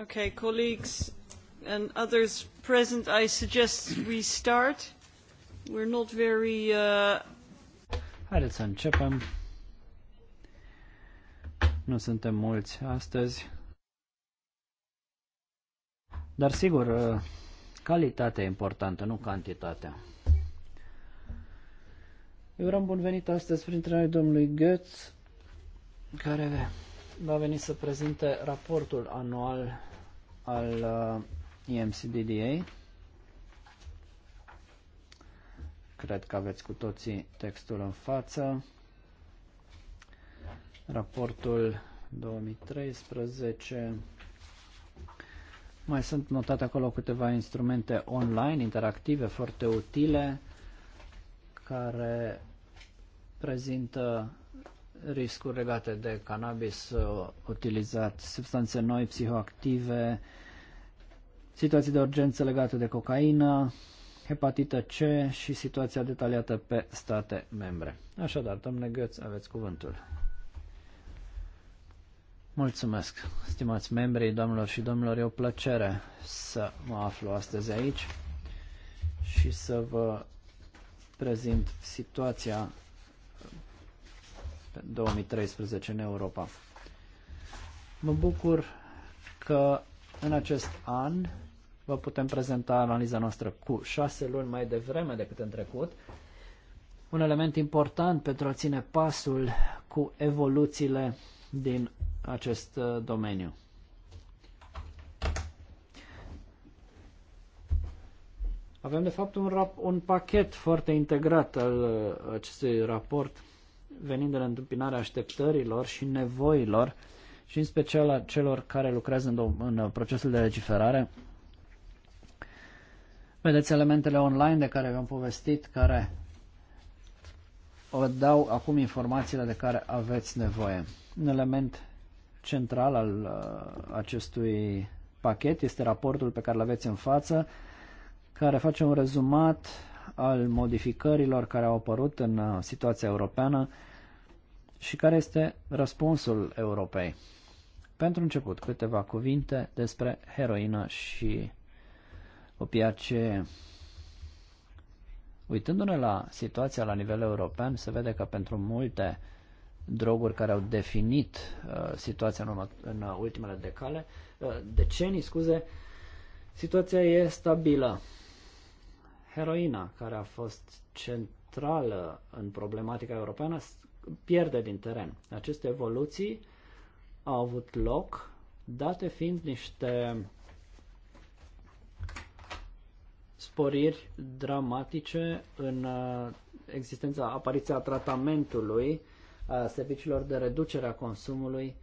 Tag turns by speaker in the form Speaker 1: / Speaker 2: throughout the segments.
Speaker 1: Okay, colleagues and others present, I suggest we start.
Speaker 2: We're not very... Uh...
Speaker 1: Haideți să începem. Nu suntem mulți astăzi. Dar sigur, uh, calitatea e importantă, nu cantitatea. Eu vreau bun venit astăzi printre noi domnului Goetz, care va veni să prezinte raportul anual al uh, EMCDDA. Cred că aveți cu toții textul în față. Raportul 2013. Mai sunt notate acolo câteva instrumente online, interactive, foarte utile, care prezintă riscuri legate de cannabis uh, utilizat, substanțe noi, psihoactive, situații de urgență legate de cocaină, hepatită C și situația detaliată pe state membre. Așadar, domnule Găț, aveți cuvântul. Mulțumesc, stimați membrii, domnilor și domnilor, e o plăcere să mă aflu astăzi aici și să vă prezint situația 2013 în Europa. Mă bucur că în acest an vă putem prezenta analiza noastră cu șase luni mai devreme decât în trecut. Un element important pentru a ține pasul cu evoluțiile din acest uh, domeniu. Avem, de fapt, un, rap- un pachet foarte integrat al uh, acestui raport venind de la întâmpinarea așteptărilor și nevoilor și în special a celor care lucrează în, în uh, procesul de legiferare. Vedeți elementele online de care v-am povestit, care o dau acum informațiile de care aveți nevoie. Un element central al uh, acestui pachet este raportul pe care îl aveți în față, care face un rezumat al modificărilor care au apărut în uh, situația europeană și care este răspunsul Europei? Pentru început, câteva cuvinte despre heroină și opiacee. Uitându-ne la situația la nivel european, se vede că pentru multe droguri care au definit uh, situația în, urmă, în ultimele decale, uh, decenii, scuze, situația e stabilă. Heroina, care a fost centrală în problematica europeană, pierde din teren. Aceste evoluții au avut loc, date fiind niște sporiri dramatice în uh, existența, apariția tratamentului, a uh, serviciilor de reducere a consumului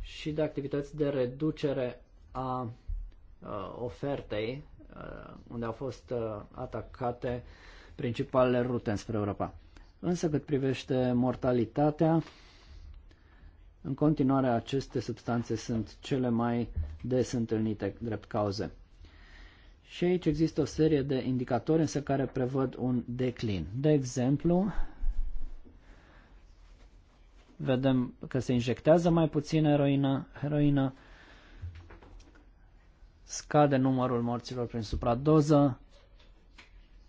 Speaker 1: și de activități de reducere a uh, ofertei, unde au fost atacate principalele rute înspre Europa. Însă cât privește mortalitatea, în continuare aceste substanțe sunt cele mai des întâlnite drept cauze. Și aici există o serie de indicatori însă care prevăd un declin. De exemplu, vedem că se injectează mai puțin eroină, heroină, scade numărul morților prin supradoză,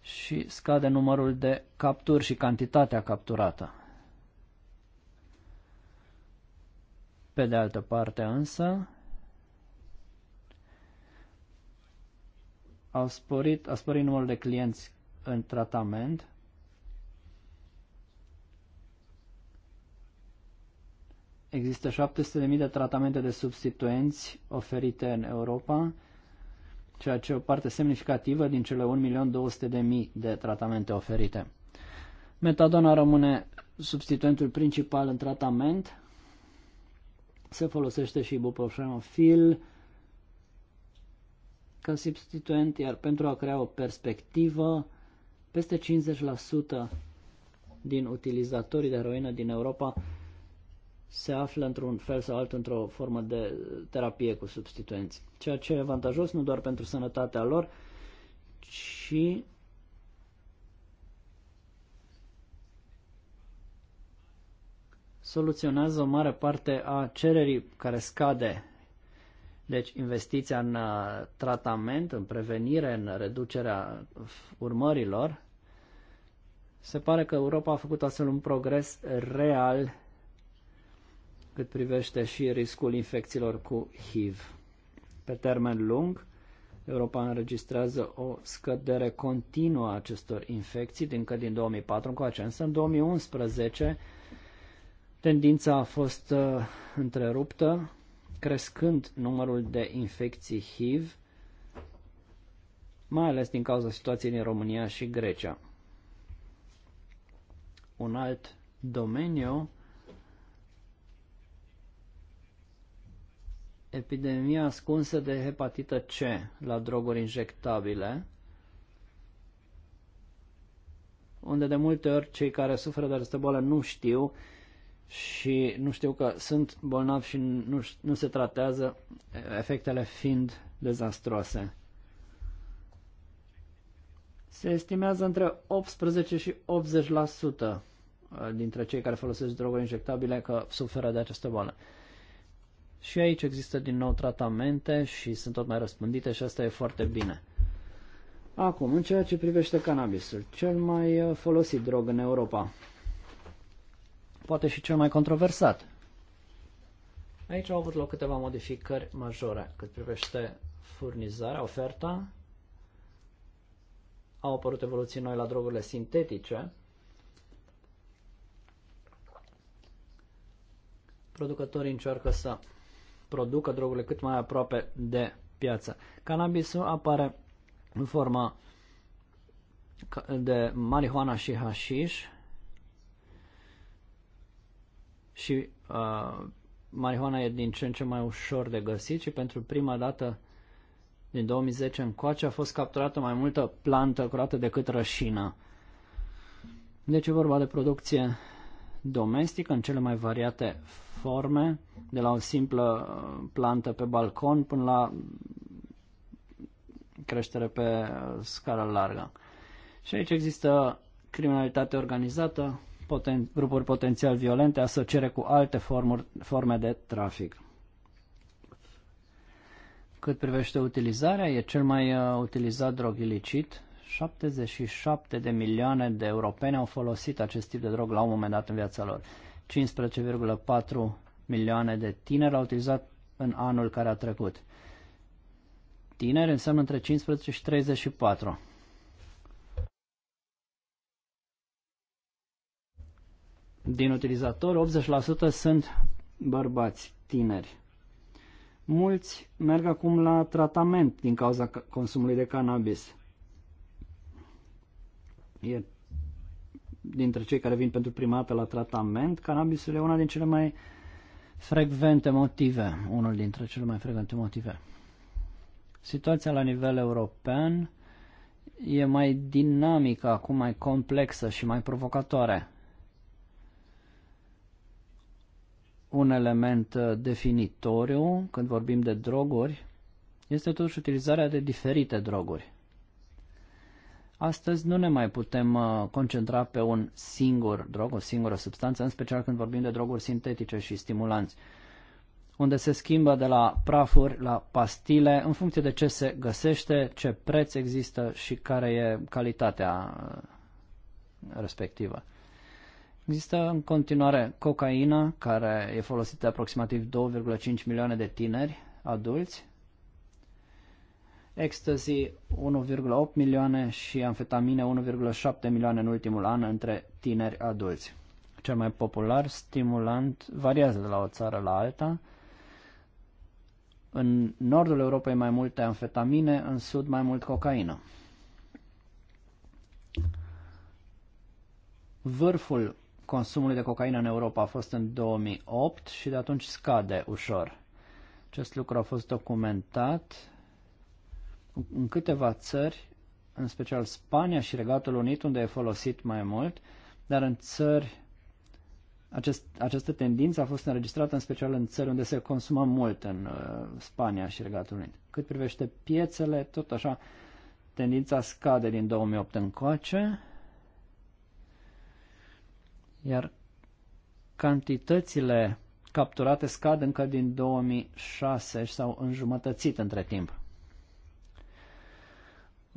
Speaker 1: și scade numărul de capturi și cantitatea capturată. Pe de altă parte însă, au sporit, a sporit numărul de clienți în tratament Există 700.000 de tratamente de substituenți oferite în Europa, ceea ce e o parte semnificativă din cele 1.200.000 de tratamente oferite. Metadona rămâne substituentul principal în tratament. Se folosește și ibuprofenofil ca substituent, iar pentru a crea o perspectivă, peste 50% din utilizatorii de heroină din Europa se află într-un fel sau altul într-o formă de terapie cu substituenți. Ceea ce e avantajos nu doar pentru sănătatea lor, ci soluționează o mare parte a cererii care scade. Deci investiția în uh, tratament, în prevenire, în reducerea urmărilor, se pare că Europa a făcut astfel un progres real cât privește și riscul infecțiilor cu HIV. Pe termen lung, Europa înregistrează o scădere continuă a acestor infecții, încă din 2004 încoace. Însă în 2011 tendința a fost uh, întreruptă, crescând numărul de infecții HIV, mai ales din cauza situației din România și Grecia. Un alt domeniu epidemia ascunsă de hepatită C la droguri injectabile, unde de multe ori cei care suferă de această boală nu știu și nu știu că sunt bolnavi și nu, nu se tratează, efectele fiind dezastroase. Se estimează între 18 și 80% dintre cei care folosesc droguri injectabile că suferă de această boală. Și aici există din nou tratamente și sunt tot mai răspândite și asta e foarte bine. Acum, în ceea ce privește cannabisul, cel mai uh, folosit drog în Europa, poate și cel mai controversat. Aici au avut loc câteva modificări majore cât privește furnizarea, oferta. Au apărut evoluții noi la drogurile sintetice. Producătorii încearcă să producă drogurile cât mai aproape de piață. Cannabisul apare în forma de marihuana și hashish și uh, marihuana e din ce în ce mai ușor de găsit și pentru prima dată din 2010 încoace a fost capturată mai multă plantă curată decât rășină. Deci e vorba de producție domestic în cele mai variate forme, de la o simplă uh, plantă pe balcon până la creștere pe uh, scară largă. Și aici există criminalitate organizată, poten- grupuri potențial violente, asociere cu alte formuri, forme de trafic. Cât privește utilizarea, e cel mai uh, utilizat drog ilicit, 77 de milioane de europeni au folosit acest tip de drog la un moment dat în viața lor. 15,4 milioane de tineri au utilizat în anul care a trecut. Tineri înseamnă între 15 și 34. Din utilizatori, 80% sunt bărbați tineri. Mulți merg acum la tratament din cauza consumului de cannabis e dintre cei care vin pentru prima dată la tratament, cannabisul e una din cele mai frecvente motive, unul dintre cele mai frecvente motive. Situația la nivel european e mai dinamică, acum mai complexă și mai provocatoare. Un element definitoriu, când vorbim de droguri, este totuși utilizarea de diferite droguri. Astăzi nu ne mai putem uh, concentra pe un singur drog, o singură substanță, în special când vorbim de droguri sintetice și stimulanți, unde se schimbă de la prafuri la pastile în funcție de ce se găsește, ce preț există și care e calitatea uh, respectivă. Există în continuare cocaina, care e folosită aproximativ 2,5 milioane de tineri adulți ecstasy 1,8 milioane și amfetamine 1,7 milioane în ultimul an între tineri adulți. Cel mai popular stimulant variază de la o țară la alta. În nordul Europei mai multe amfetamine, în sud mai mult cocaină. Vârful consumului de cocaină în Europa a fost în 2008 și de atunci scade ușor. Acest lucru a fost documentat în câteva țări, în special Spania și Regatul Unit, unde e folosit mai mult, dar în țări acest, această tendință a fost înregistrată în special în țări unde se consuma mult în uh, Spania și Regatul Unit. Cât privește piețele, tot așa, tendința scade din 2008 încoace, iar cantitățile capturate scad încă din 2006 și s-au înjumătățit între timp.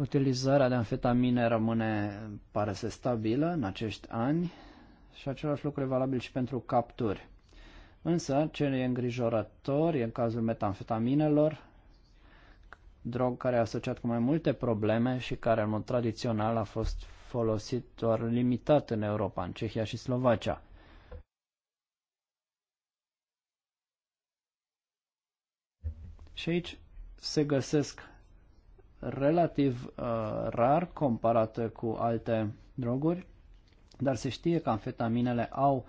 Speaker 1: Utilizarea de amfetamine rămâne, pare să stabilă în acești ani și același lucru e valabil și pentru capturi. Însă, ce e îngrijorător e în cazul metamfetaminelor, drog care e asociat cu mai multe probleme și care în mod tradițional a fost folosit doar limitat în Europa, în Cehia și Slovacia. Și aici se găsesc relativ uh, rar comparat cu alte droguri, dar se știe că amfetaminele au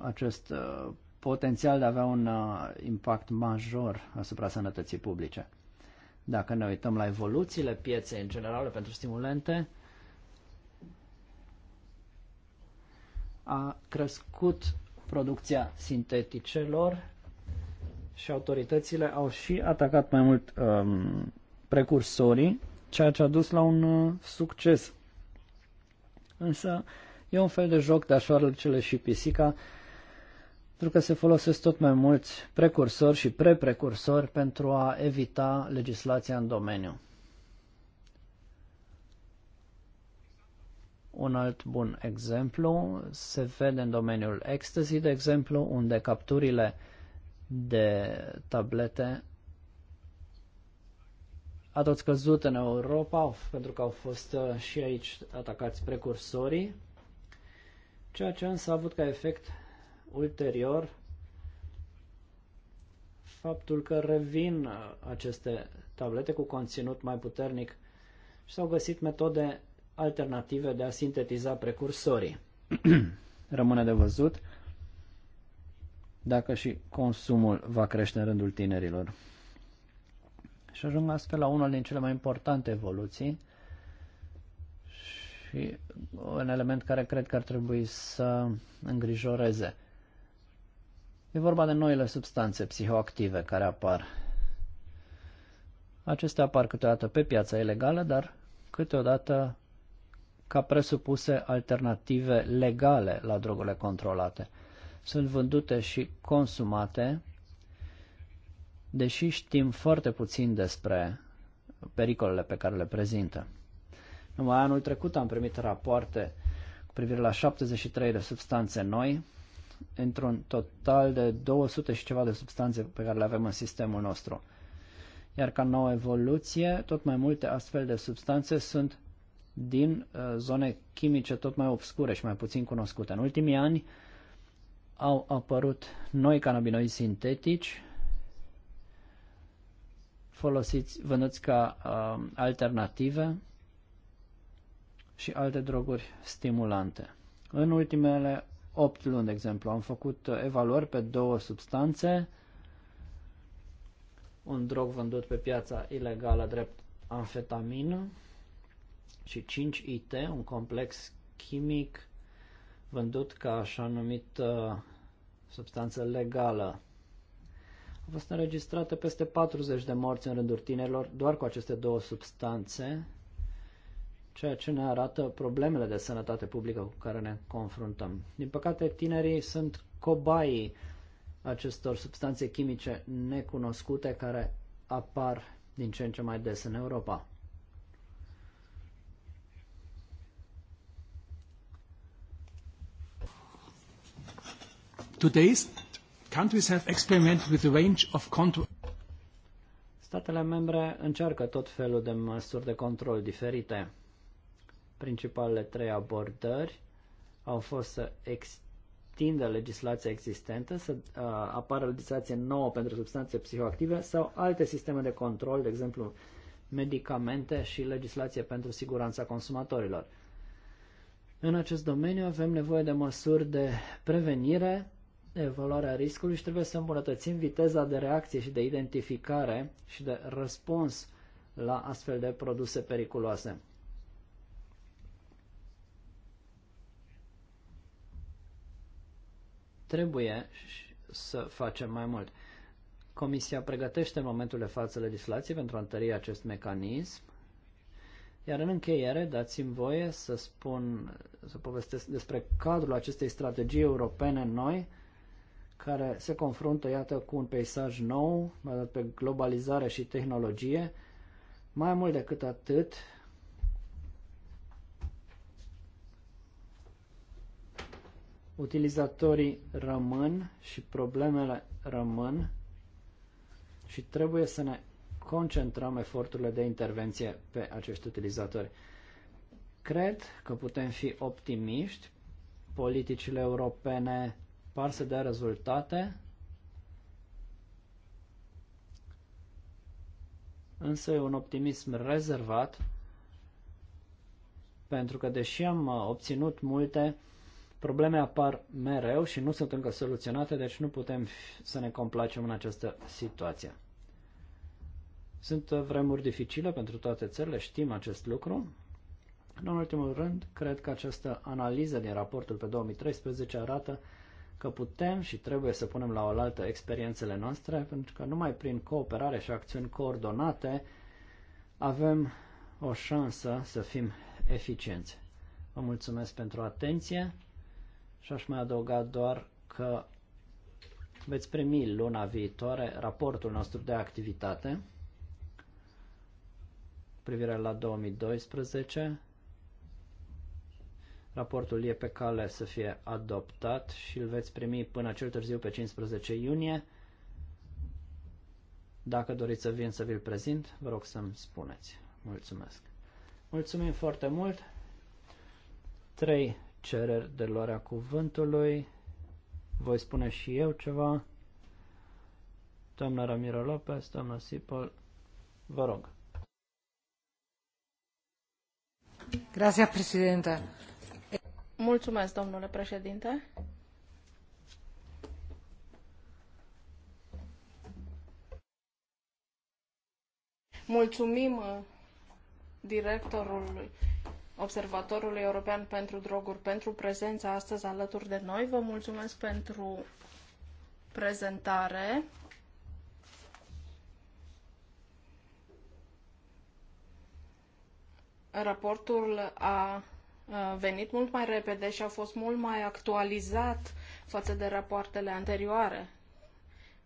Speaker 1: acest uh, potențial de a avea un uh, impact major asupra sănătății publice. Dacă ne uităm la evoluțiile pieței în general pentru stimulente, a crescut producția sinteticelor și autoritățile au și atacat mai mult um, precursorii, ceea ce a dus la un uh, succes. Însă e un fel de joc de cele și pisica, pentru că se folosesc tot mai mulți precursori și preprecursori pentru a evita legislația în domeniu. Un alt bun exemplu se vede în domeniul ecstasy, de exemplu, unde capturile de tablete a tot scăzut în Europa pentru că au fost uh, și aici atacați precursorii, ceea ce însă a avut ca efect ulterior faptul că revin uh, aceste tablete cu conținut mai puternic și s-au găsit metode alternative de a sintetiza precursorii. Rămâne de văzut dacă și consumul va crește în rândul tinerilor și ajung astfel la una din cele mai importante evoluții și un element care cred că ar trebui să îngrijoreze. E vorba de noile substanțe psihoactive care apar. Acestea apar câteodată pe piața ilegală, dar câteodată ca presupuse alternative legale la drogurile controlate. Sunt vândute și consumate deși știm foarte puțin despre pericolele pe care le prezintă. Numai anul trecut am primit rapoarte cu privire la 73 de substanțe noi, într-un total de 200 și ceva de substanțe pe care le avem în sistemul nostru. Iar ca nouă evoluție, tot mai multe astfel de substanțe sunt din uh, zone chimice tot mai obscure și mai puțin cunoscute. În ultimii ani au apărut noi canabinoizi sintetici folosiți, vânduți ca uh, alternative și alte droguri stimulante. În ultimele 8 luni, de exemplu, am făcut evaluări pe două substanțe, un drog vândut pe piața ilegală drept amfetamină și 5 IT, un complex chimic vândut ca așa numită substanță legală. Au fost înregistrate peste 40 de morți în rândul tinerilor doar cu aceste două substanțe, ceea ce ne arată problemele de sănătate publică cu care ne confruntăm. Din păcate, tinerii sunt cobaii acestor substanțe chimice necunoscute care apar din ce în ce mai des în Europa.
Speaker 3: Today's Countries have experimented with a range of control. Statele
Speaker 1: membre încearcă tot felul de măsuri de control diferite. Principalele trei abordări au fost să extindă legislația existentă, să uh, apară legislație nouă pentru substanțe psihoactive sau alte sisteme de control, de exemplu medicamente și legislație pentru siguranța consumatorilor. În acest domeniu avem nevoie de măsuri de prevenire evaluarea riscului și trebuie să îmbunătățim viteza de reacție și de identificare și de răspuns la astfel de produse periculoase. Trebuie să facem mai mult. Comisia pregătește în momentul de față legislație pentru a întări acest mecanism, iar în încheiere dați-mi voie să spun, să povestesc despre cadrul acestei strategii europene noi, care se confruntă, iată, cu un peisaj nou, bazat pe globalizare și tehnologie. Mai mult decât atât, utilizatorii rămân și problemele rămân și trebuie să ne concentrăm eforturile de intervenție pe acești utilizatori. Cred că putem fi optimiști. Politicile europene par să dea rezultate, însă e un optimism rezervat, pentru că deși am uh, obținut multe, probleme apar mereu și nu sunt încă soluționate, deci nu putem să ne complacem în această situație. Sunt uh, vremuri dificile pentru toate țările, știm acest lucru. În ultimul rând, cred că această analiză din raportul pe 2013 arată că putem și trebuie să punem la oaltă experiențele noastre, pentru că numai prin cooperare și acțiuni coordonate avem o șansă să fim eficienți. Vă mulțumesc pentru atenție și aș mai adăuga doar că veți primi luna viitoare raportul nostru de activitate privire la 2012 Raportul e pe cale să fie adoptat și îl veți primi până cel târziu pe 15 iunie. Dacă doriți să vin să vi-l prezint, vă rog să-mi spuneți. Mulțumesc. Mulțumim foarte mult. Trei cereri de luarea cuvântului. Voi spune și eu ceva. Doamna Ramiro Lopez, doamna Sipol, vă rog.
Speaker 4: Gracias, Presidenta.
Speaker 2: Mulțumesc, domnule președinte. Mulțumim uh, directorului Observatorului European pentru Droguri pentru prezența astăzi alături de noi. Vă mulțumesc pentru prezentare. Raportul a venit mult mai repede și a fost mult mai actualizat față de rapoartele anterioare,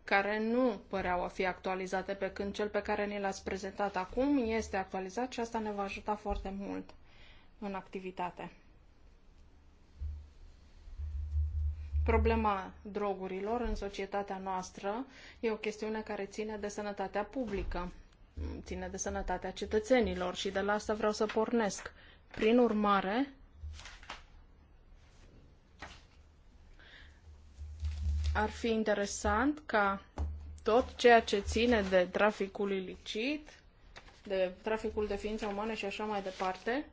Speaker 2: care nu păreau a fi actualizate, pe când cel pe care ni l-ați prezentat acum este actualizat și asta ne va ajuta foarte mult în activitate. Problema drogurilor în societatea noastră e o chestiune care ține de sănătatea publică, ține de sănătatea cetățenilor și de la asta vreau să pornesc prin urmare, ar fi interesant ca tot ceea ce ține de traficul ilicit, de traficul de ființe umane și așa mai departe,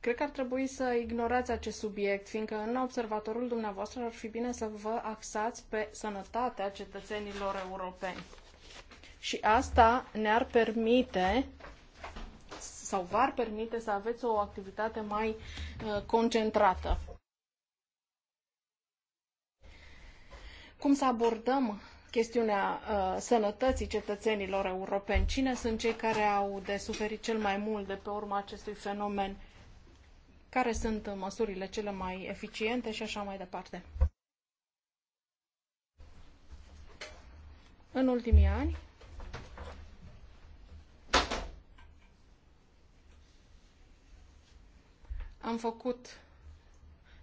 Speaker 2: Cred că ar trebui să ignorați acest subiect, fiindcă în observatorul dumneavoastră ar fi bine să vă axați pe sănătatea cetățenilor europeni. Și asta ne-ar permite sau v-ar permite să aveți o activitate mai uh, concentrată. Cum să abordăm chestiunea uh, sănătății cetățenilor europeni? Cine sunt cei care au de suferit cel mai mult de pe urma acestui fenomen? care sunt măsurile cele mai eficiente și așa mai departe. În ultimii ani, am făcut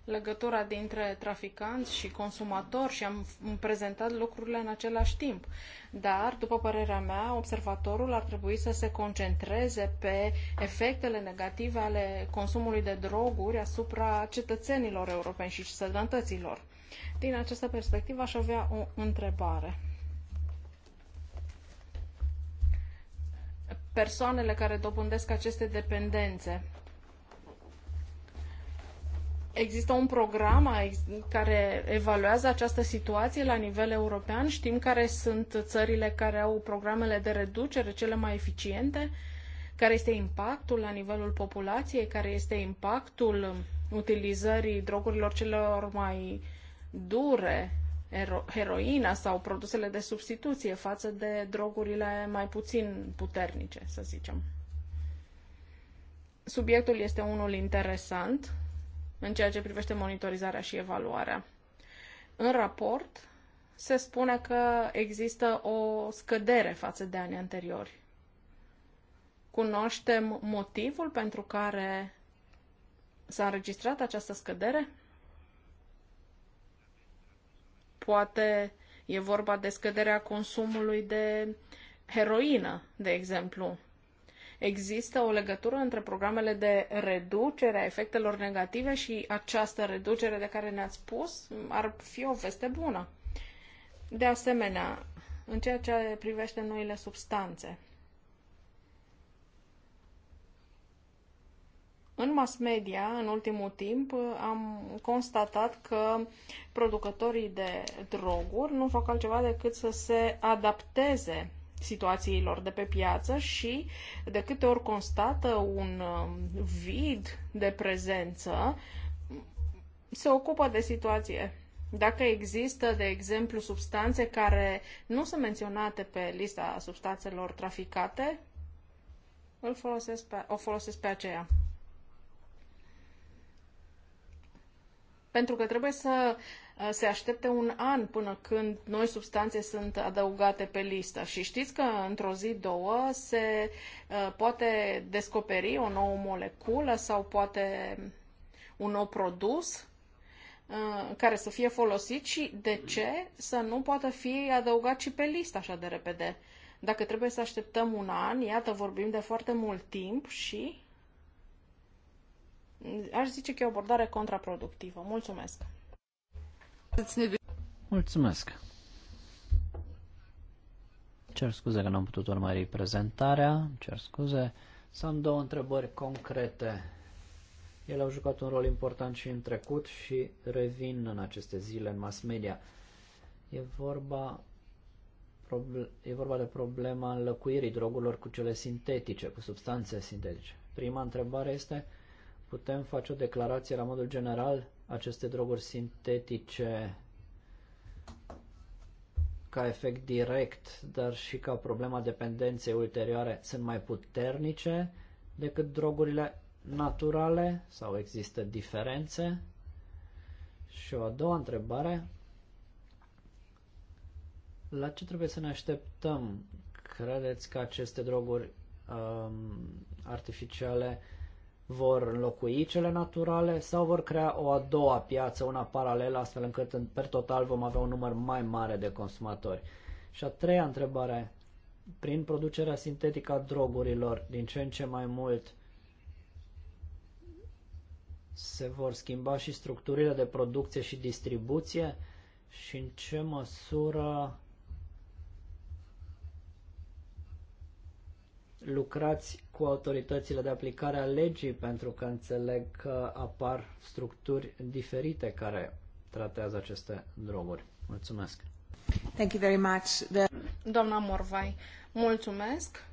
Speaker 2: legătura dintre traficanți și consumatori și am prezentat lucrurile în același timp. Dar, după părerea mea, observatorul ar trebui să se concentreze pe efectele negative ale consumului de droguri asupra cetățenilor europeni și sănătăților. Din această perspectivă aș avea o întrebare. Persoanele care dobândesc aceste dependențe Există un program care evaluează această situație la nivel european? Știm care sunt țările care au programele de reducere cele mai eficiente? Care este impactul la nivelul populației? Care este impactul utilizării drogurilor celor mai dure, heroina sau produsele de substituție față de drogurile mai puțin puternice, să zicem? Subiectul este unul interesant în ceea ce privește monitorizarea și evaluarea. În raport se spune că există o scădere față de anii anteriori. Cunoaștem motivul pentru care s-a înregistrat această scădere? Poate e vorba de scăderea consumului de heroină, de exemplu, Există o legătură între programele de reducere a efectelor negative și această reducere de care ne-ați spus? Ar fi o veste bună. De asemenea, în ceea ce privește noile substanțe, În mass media, în ultimul timp, am constatat că producătorii de droguri nu fac altceva decât să se adapteze situațiilor de pe piață și de câte ori constată un um, vid de prezență, se ocupă de situație. Dacă există, de exemplu, substanțe care nu sunt menționate pe lista substanțelor traficate, îl folosesc pe, o folosesc pe aceea. Pentru că trebuie să Eh, se aștepte un an până când noi substanțe sunt adăugate pe listă. Și știți că într-o zi, două, se eh, poate descoperi o nouă moleculă sau poate un nou produs eh, care să fie folosit și de ce să nu poată fi adăugat și pe listă așa de repede. Dacă trebuie să așteptăm un an, iată, vorbim de foarte mult timp și aș zice că e o abordare contraproductivă. Mulțumesc!
Speaker 1: Mulțumesc. Cer scuze că n-am putut urmări prezentarea, cer scuze. Să am două întrebări concrete. Ele au jucat un rol important și în trecut și revin în aceste zile în mass media. E vorba, e vorba de problema înlăcuirii drogurilor cu cele sintetice, cu substanțe sintetice. Prima întrebare este, putem face o declarație la modul general aceste droguri sintetice ca efect direct, dar și ca problema dependenței ulterioare sunt mai puternice decât drogurile naturale sau există diferențe? Și o a doua întrebare, la ce trebuie să ne așteptăm? Credeți că aceste droguri um, artificiale vor înlocui cele naturale sau vor crea o a doua piață, una paralelă, astfel încât în, per total vom avea un număr mai mare de consumatori. Și a treia întrebare, prin producerea sintetică a drogurilor, din ce în ce mai mult se vor schimba și structurile de producție și distribuție și în ce măsură lucrați cu autoritățile de aplicare a legii pentru că înțeleg că apar structuri diferite care tratează aceste droguri. Mulțumesc.
Speaker 2: Thank you very much. The... Doamna Morvai, mulțumesc.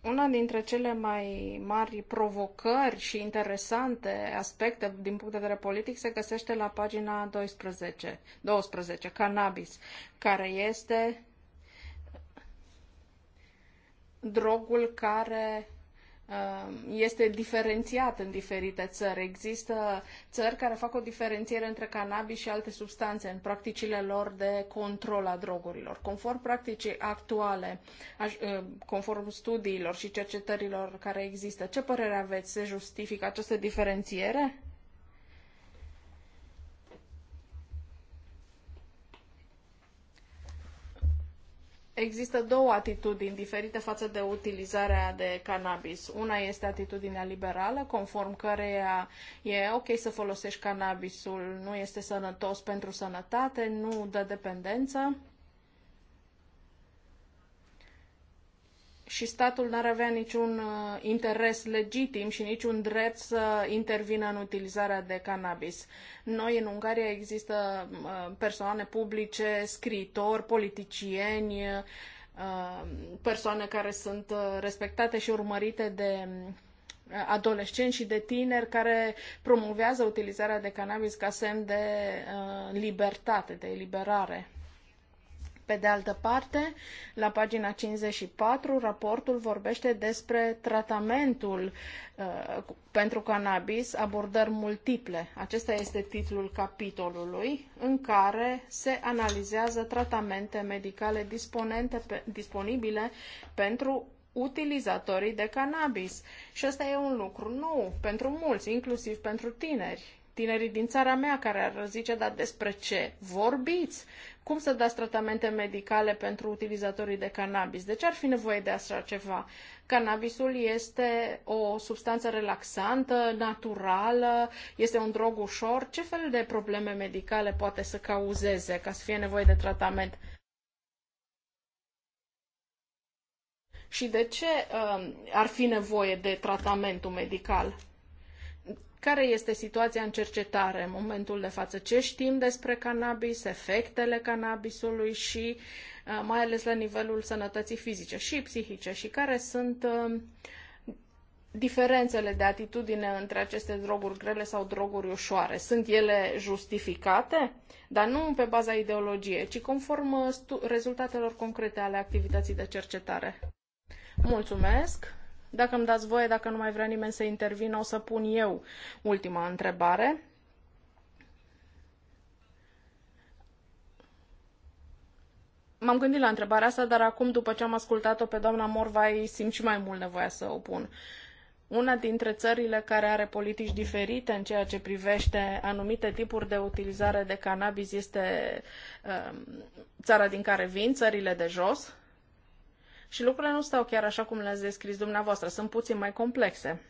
Speaker 2: Una dintre cele mai mari provocări și interesante aspecte din punct de vedere politic se găsește la pagina 12, 12 cannabis, care este drogul care uh, este diferențiat în diferite țări. Există țări care fac o diferențiere între cannabis și alte substanțe în practicile lor de control a drogurilor. Conform practicii actuale, uh, conform studiilor și cercetărilor care există, ce părere aveți? Se justifică această diferențiere? Există două atitudini diferite față de utilizarea de cannabis. Una este atitudinea liberală, conform căreia e ok să folosești cannabisul, nu este sănătos pentru sănătate, nu dă dependență și statul n-ar avea niciun uh, interes legitim și niciun drept să intervină în utilizarea de cannabis. Noi în Ungaria există uh, persoane publice, scriitori, politicieni, uh, persoane care sunt respectate și urmărite de adolescenți și de tineri care promovează utilizarea de cannabis ca semn de libertate, de eliberare. Pe de altă parte, la pagina 54, raportul vorbește despre tratamentul uh, pentru cannabis, abordări multiple. Acesta este titlul capitolului în care se analizează tratamente medicale pe, disponibile pentru utilizatorii de cannabis. Și asta e un lucru nou pentru mulți, inclusiv pentru tineri tinerii din țara mea care ar zice, dar despre ce vorbiți? cum să dați tratamente medicale pentru utilizatorii de cannabis. De ce ar fi nevoie de așa ceva? Cannabisul este o substanță relaxantă, naturală, este un drog ușor. Ce fel de probleme medicale poate să cauzeze ca să fie nevoie de tratament? Și de ce uh, ar fi nevoie de tratamentul medical? Care este situația în cercetare în momentul de față? Ce știm despre cannabis, efectele cannabisului și uh, mai ales la nivelul sănătății fizice și psihice și care sunt uh, diferențele de atitudine între aceste droguri grele sau droguri ușoare? Sunt ele justificate? Dar nu pe baza ideologiei, ci conform uh, rezultatelor concrete ale activității de cercetare. Mulțumesc! Dacă îmi dați voie, dacă nu mai vrea nimeni să intervină, o să pun eu ultima întrebare. M-am gândit la întrebarea asta, dar acum, după ce am ascultat-o pe doamna Morvai, simt și mai mult nevoia să o pun. Una dintre țările care are politici diferite în ceea ce privește anumite tipuri de utilizare de cannabis este um, țara din care vin, țările de jos, și lucrurile nu stau chiar așa cum le-ați descris dumneavoastră, sunt puțin mai complexe.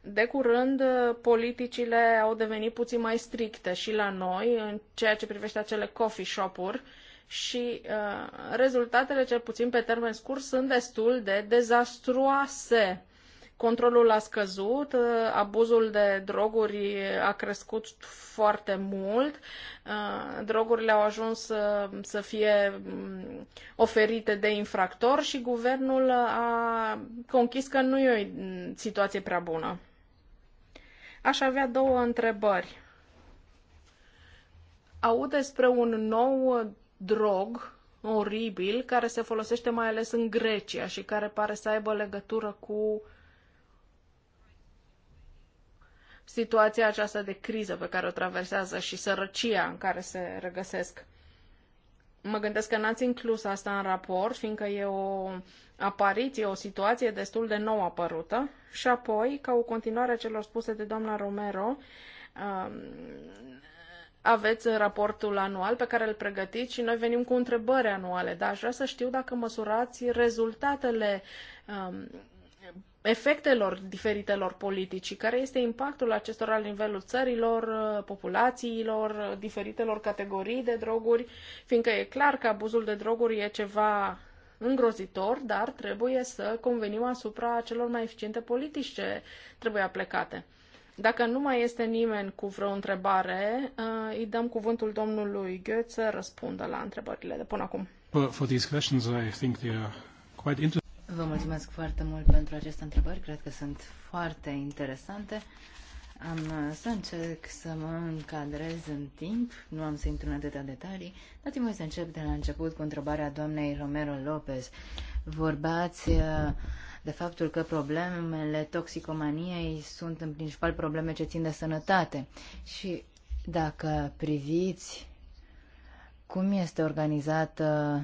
Speaker 2: De curând, uh, politicile au devenit puțin mai stricte și la noi, în ceea ce privește acele coffee shop-uri, și uh, rezultatele, cel puțin pe termen scurt, sunt destul de dezastruoase controlul a scăzut, uh, abuzul de droguri a crescut foarte mult, uh, drogurile au ajuns să, uh, să fie mm, oferite de infractor și guvernul a conchis că nu e o situație prea bună. Aș avea două întrebări. Aud despre un nou drog oribil care se folosește mai ales în Grecia și care pare să aibă legătură cu uh, situația aceasta de criză pe care o traversează și sărăcia în care se regăsesc. Mă gândesc că n-ați inclus asta în raport, fiindcă e o apariție, o situație destul de nou apărută. Și apoi, ca o continuare a celor spuse de doamna Romero, um, aveți raportul anual pe care îl pregătiți și noi venim cu întrebări anuale, dar aș vrea să știu dacă măsurați rezultatele um, efectelor diferitelor politici, care este impactul acestora la nivelul țărilor, populațiilor, diferitelor categorii de droguri, fiindcă e clar că abuzul de droguri e ceva îngrozitor, dar trebuie să convenim asupra celor mai eficiente politici ce trebuie aplicate. Dacă nu mai este nimeni cu vreo întrebare, uh, îi dăm cuvântul domnului Goethe să răspundă la întrebările de până acum.
Speaker 4: For these questions, I think they are quite interesting.
Speaker 2: Vă mulțumesc foarte mult pentru aceste întrebări. Cred că
Speaker 3: sunt foarte interesante. Am uh, să încerc să mă încadrez în timp, nu am să intru în atâtea detalii. Dați-mi voi să încep de la început cu întrebarea doamnei Romero Lopez. Vorbați uh, de faptul că problemele toxicomaniei sunt în principal probleme ce țin de sănătate. Și dacă priviți cum este organizată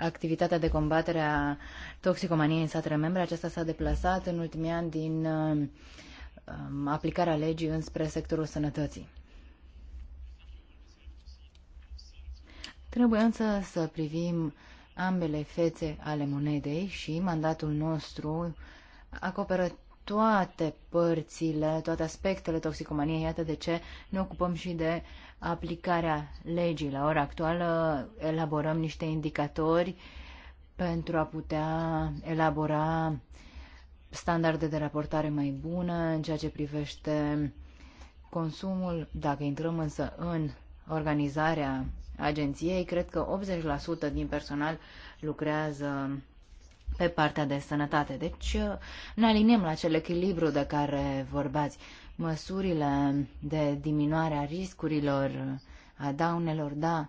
Speaker 3: activitatea de combatere a toxicomaniei în statele membre. Aceasta s-a deplasat în ultimii ani din um, aplicarea legii înspre sectorul sănătății. Trebuie însă să privim ambele fețe ale monedei și mandatul nostru acoperă toate părțile, toate aspectele toxicomaniei. Iată de ce ne ocupăm și de aplicarea legii. La ora actuală elaborăm niște indicatori pentru a putea elabora standarde de raportare mai bună în ceea ce privește consumul. Dacă intrăm însă în organizarea agenției, cred că 80% din personal lucrează pe partea de sănătate. Deci ne aliniem la acel echilibru de care vorbeați măsurile de diminuare a riscurilor, a daunelor, da.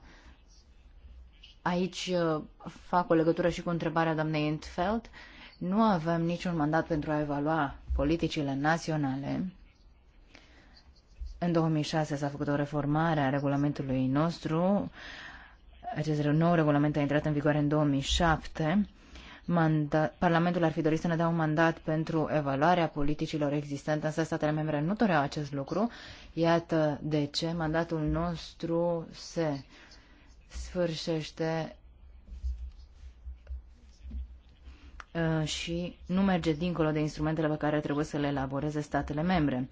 Speaker 3: Aici uh, fac o legătură și cu întrebarea doamnei Entfeld. Nu avem niciun mandat pentru a evalua politicile naționale. În 2006 s-a făcut o reformare a regulamentului nostru. Acest nou regulament a intrat în vigoare în 2007 Mandat, Parlamentul ar fi dorit să ne dea un mandat pentru evaluarea politicilor existente, însă statele membre nu doreau acest lucru. Iată de ce mandatul nostru se sfârșește uh, și nu merge dincolo de instrumentele pe care trebuie să le elaboreze statele membre.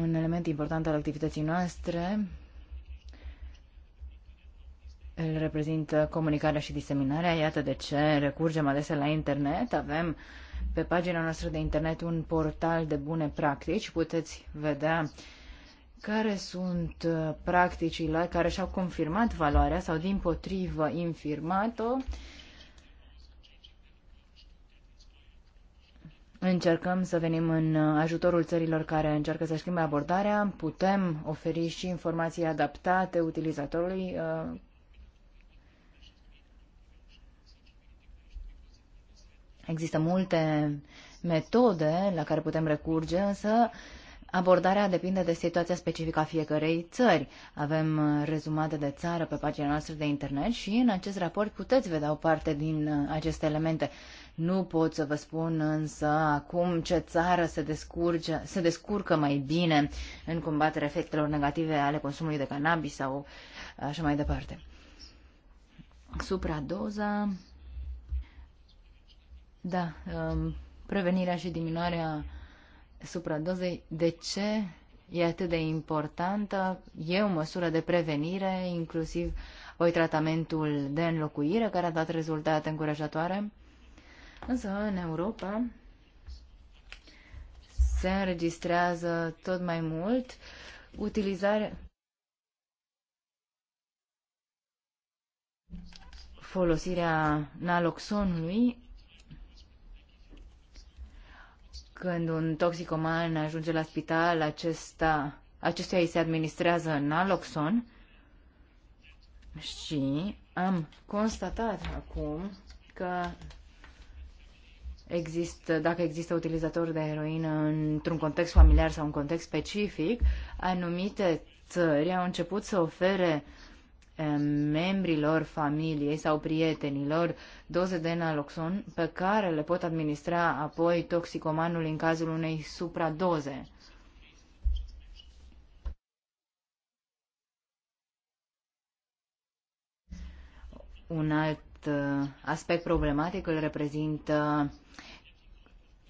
Speaker 3: Un element important al activității noastre îl reprezintă comunicarea și diseminarea. Iată de ce recurgem adesea la internet. Avem pe pagina noastră de internet un portal de bune practici. Puteți vedea care sunt uh, practicile care și-au confirmat valoarea sau din potrivă infirmat-o. Încercăm să venim în uh, ajutorul țărilor care încearcă să schimbe abordarea. Putem oferi și informații adaptate utilizatorului uh, Există multe metode la care putem recurge, însă abordarea depinde de situația specifică a fiecărei țări. Avem rezumate de țară pe pagina noastră de internet și în acest raport puteți vedea o parte din uh, aceste elemente. Nu pot să vă spun însă acum ce țară se, descurge, se descurcă mai bine în combaterea efectelor negative ale consumului de cannabis sau așa mai departe. Supradoza da, um, prevenirea și diminuarea supradozei, de ce e atât de importantă? E o măsură de prevenire, inclusiv voi tratamentul de înlocuire, care a dat rezultate încurajatoare. Însă, în Europa, se înregistrează tot mai mult utilizarea, folosirea naloxonului Când un toxicoman ajunge la spital, acesta, acestuia îi se administrează naloxon și am constatat acum că există, dacă există utilizatori de heroină într-un context familiar sau un context specific, anumite țări au început să ofere uh, membrilor familiei sau prietenilor doze de naloxon pe care le pot administra apoi toxicomanul în cazul unei supradoze. Un alt uh, aspect problematic îl reprezintă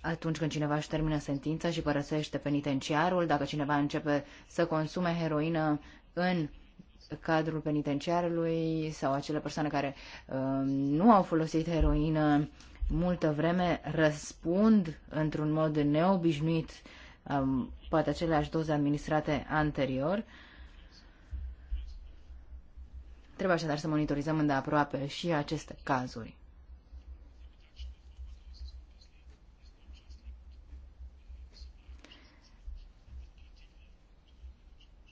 Speaker 3: atunci când cineva își termină sentința și părăsește penitenciarul, dacă cineva începe să consume heroină în cadrul penitenciarului sau acele persoane care um, nu au folosit heroină multă vreme răspund într-un mod neobișnuit um, poate aceleași doze administrate anterior. Trebuie așadar să monitorizăm îndeaproape și aceste cazuri.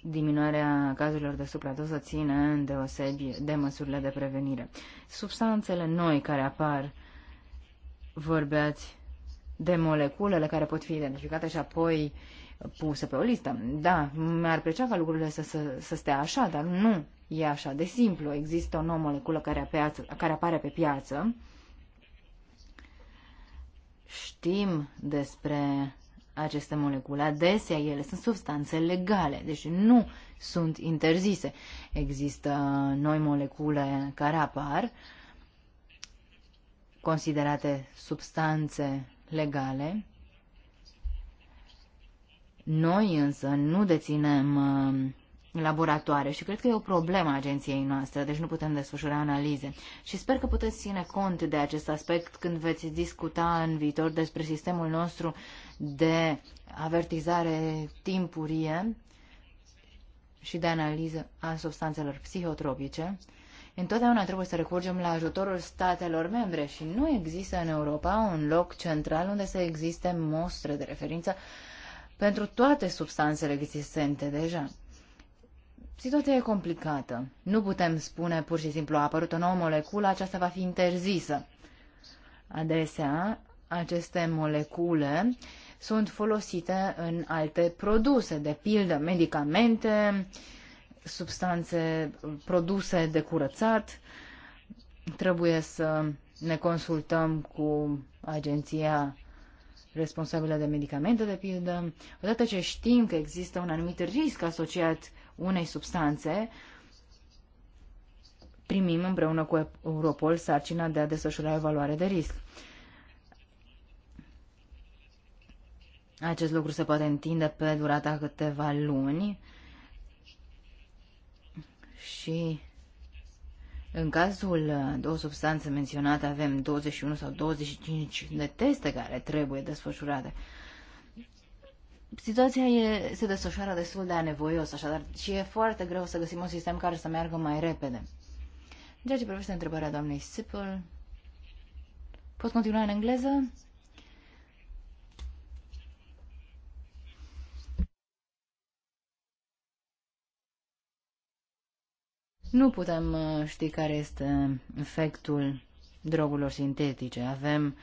Speaker 3: Diminuarea cazurilor de supradoză ține în deosebi de măsurile de prevenire. Substanțele noi care apar, vorbeați de moleculele care pot fi identificate și apoi puse pe o listă. Da, mi-ar plăcea ca lucrurile să, să, să stea așa, dar nu e așa de simplu. Există o nouă moleculă care, apeață, care apare pe piață. Știm despre aceste molecule. Adesea ele sunt substanțe legale, deci nu sunt interzise. Există noi molecule care apar, considerate substanțe legale. Noi însă nu deținem uh, laboratoare și cred că e o problemă a agenției noastre, deci nu putem desfășura analize. Și sper că puteți ține cont de acest aspect când veți discuta în viitor despre sistemul nostru de avertizare timpurie și de analiză a substanțelor psihotropice. Întotdeauna trebuie să recurgem la ajutorul statelor membre și nu există în Europa un loc central unde să existe mostre de referință pentru toate substanțele existente deja. Situația e complicată. Nu putem spune pur și simplu a apărut o nouă moleculă, aceasta va fi interzisă. Adesea, aceste molecule sunt folosite în alte produse, de pildă medicamente, substanțe produse de curățat. Trebuie să ne consultăm cu agenția responsabilă de medicamente, de pildă. Odată ce știm că există un anumit risc asociat unei substanțe, primim împreună cu Europol sarcina de a desfășura evaluare de risc. Acest lucru se poate întinde pe durata câteva luni și în cazul două substanțe menționate avem 21 sau 25 de teste care trebuie desfășurate situația e, se desfășoară destul de anevoios, așadar, și e foarte greu să găsim un sistem care să meargă mai repede. În ceea ce privește întrebarea doamnei Sipul, pot continua în engleză? Nu putem uh, ști care este efectul drogurilor sintetice. Avem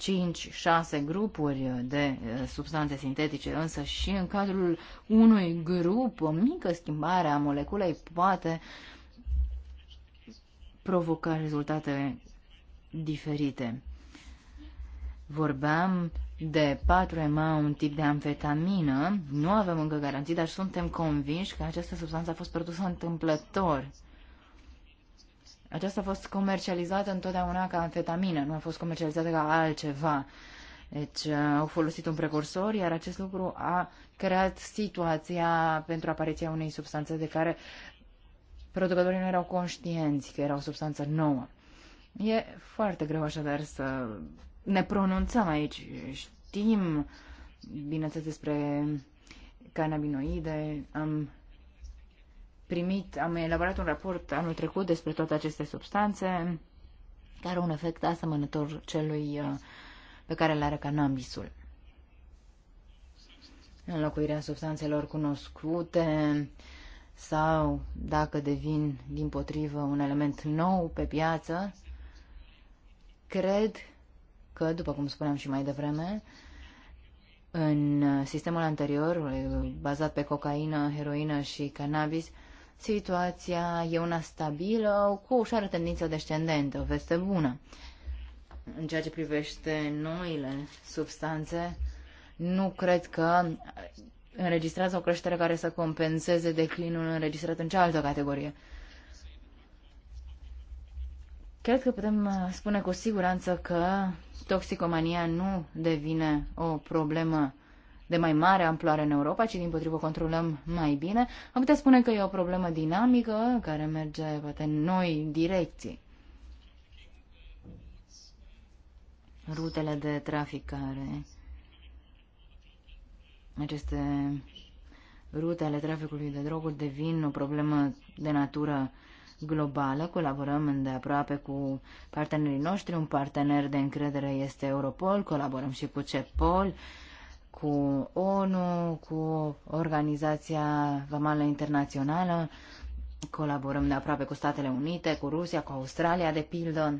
Speaker 3: 5-6 grupuri de eh, substanțe sintetice, însă și în cadrul unui grup, o mică schimbare a moleculei poate provoca rezultate diferite. Vorbeam de 4MA, un tip de amfetamină. Nu avem încă garanții, dar suntem convinși că această substanță a fost produsă întâmplător. Aceasta a fost comercializată întotdeauna ca amfetamină, nu a fost comercializată ca altceva. Deci uh, au folosit un precursor, iar acest lucru a creat situația pentru apariția unei substanțe de care producătorii nu erau conștienți că era o substanță nouă. E foarte greu așadar să ne pronunțăm aici. Știm, bineînțeles, despre cannabinoide, am primit, am elaborat un raport anul trecut despre toate aceste substanțe care au un efect asemănător celui uh, pe care îl are cannabisul. Înlocuirea substanțelor cunoscute sau dacă devin din potrivă un element nou pe piață, cred că, după cum spuneam și mai devreme, în uh, sistemul anterior, uh, bazat pe cocaină, heroină și cannabis, situația e una stabilă, cu o ușoară tendință descendentă, o veste bună. În ceea ce privește noile substanțe, nu cred că înregistrează o creștere care să compenseze declinul înregistrat în cealaltă categorie. Cred că putem uh, spune cu siguranță că toxicomania nu devine o problemă de mai mare amploare în Europa, ci din potrivă controlăm mai bine, am putea spune că e o problemă dinamică care merge poate în noi direcții. Rutele de trafic care aceste rute ale traficului de droguri devin o problemă de natură globală. Colaborăm îndeaproape cu partenerii noștri. Un partener de încredere este Europol, colaborăm și cu CEPOL, cu ONU, cu Organizația Vamală Internațională, colaborăm de aproape cu Statele Unite, cu Rusia, cu Australia, de pildă.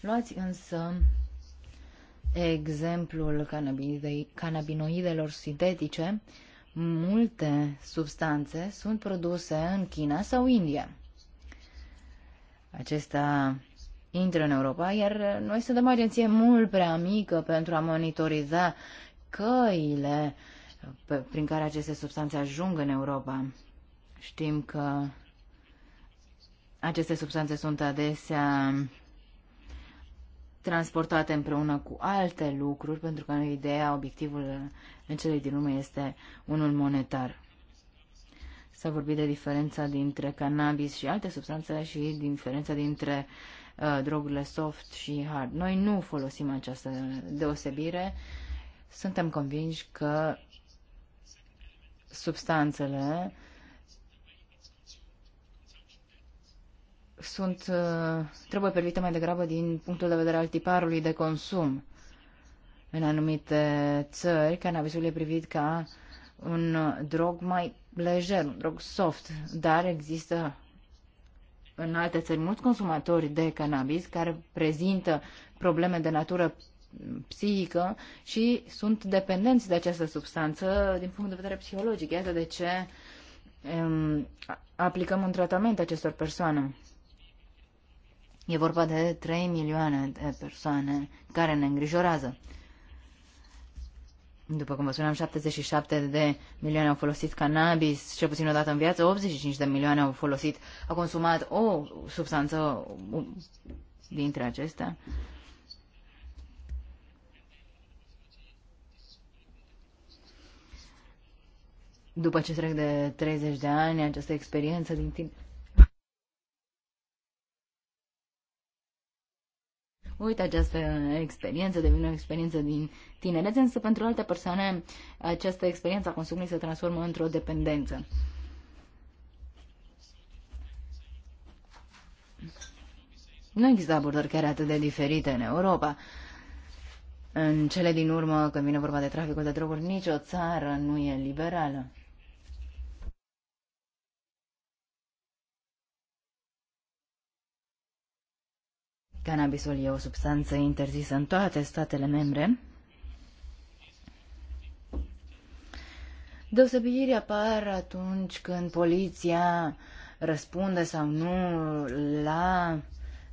Speaker 3: Luați însă exemplul cannabinoidelor sintetice. Multe substanțe sunt produse în China sau India. Acesta intră în Europa, iar noi suntem o agenție mult prea mică pentru a monitoriza căile pe, prin care aceste substanțe ajung în Europa. Știm că aceste substanțe sunt adesea transportate împreună cu alte lucruri, pentru că ideea, obiectivul în cele din urmă este unul monetar. S-a vorbit de diferența dintre cannabis și alte substanțe și diferența dintre uh, Uh, drogurile soft și hard. Noi nu folosim această deosebire. Suntem convinși că substanțele sunt, uh, trebuie privite mai degrabă din punctul de vedere al tiparului de consum. În anumite țări, cannabisul e privit ca un drog mai lejer, un drog soft, dar există în alte țări mulți consumatori de cannabis care prezintă probleme de natură psihică și sunt dependenți de această substanță din punct de vedere psihologic. Iată de ce um, aplicăm un tratament acestor persoane. E vorba de 3 milioane de persoane care ne îngrijorează. După cum vă spuneam, 77 de milioane au folosit cannabis, cel puțin o dată în viață, 85 de milioane au folosit, au consumat o substanță dintre acestea. După ce trec de 30 de ani, această experiență din timp Uite, această experiență devine o experiență din tinerețe, însă pentru alte persoane această experiență a consumului se transformă într-o dependență. Nu există abordări chiar atât de diferite în Europa. În cele din urmă, când vine vorba de traficul de droguri, nicio țară nu e liberală. Cannabisul e o substanță interzisă în toate statele membre. Deosebiri apar atunci când poliția răspunde sau nu la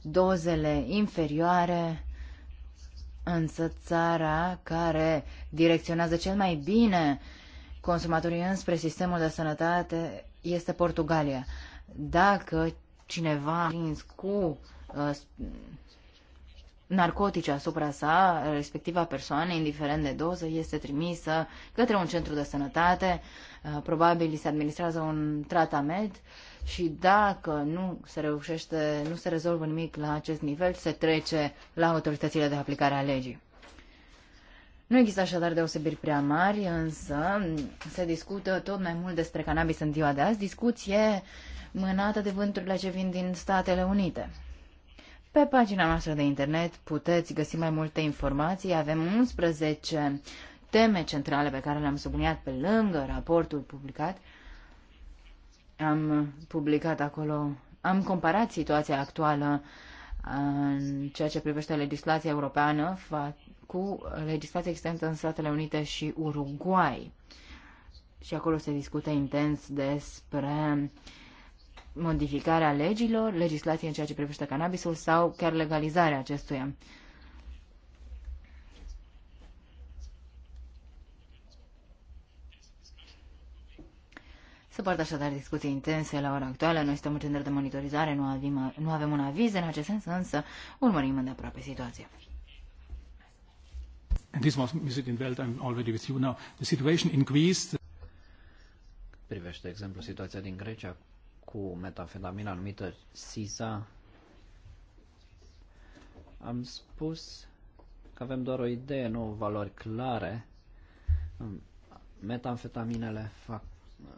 Speaker 3: dozele inferioare, însă țara care direcționează cel mai bine consumatorii înspre sistemul de sănătate este Portugalia. Dacă cineva prins cu Uh, narcotice asupra sa, respectiva persoană, indiferent de doză, este trimisă către un centru de sănătate, uh, probabil se administrează un tratament și dacă nu se reușește, nu se rezolvă nimic la acest nivel, se trece la autoritățile de aplicare a legii. Nu există așadar deosebiri prea mari, însă se discută tot mai mult despre cannabis în ziua de azi, discuție mânată de vânturile ce vin din Statele Unite. Pe pagina noastră de internet puteți găsi mai multe informații. Avem 11 teme centrale pe care le-am subliniat pe lângă raportul publicat. Am publicat acolo, am comparat situația actuală uh, în ceea ce privește legislația europeană cu legislația existentă în Statele Unite și Uruguay. Și acolo se discută intens despre modificarea legilor, legislație în ceea ce privește cannabisul sau chiar legalizarea acestuia. Se poartă așadar discuții intense la ora actuală. Noi suntem un centru de monitorizare, nu avem, nu avem un aviz în acest sens, însă urmărim îndeaproape situația.
Speaker 4: And this was music in I'm already with you now. The situation in Greece...
Speaker 1: Privește, de exemplu, situația din Grecia cu metanfetamina numită SISA, am spus că avem doar o idee, nu valori clare. Metanfetaminele fac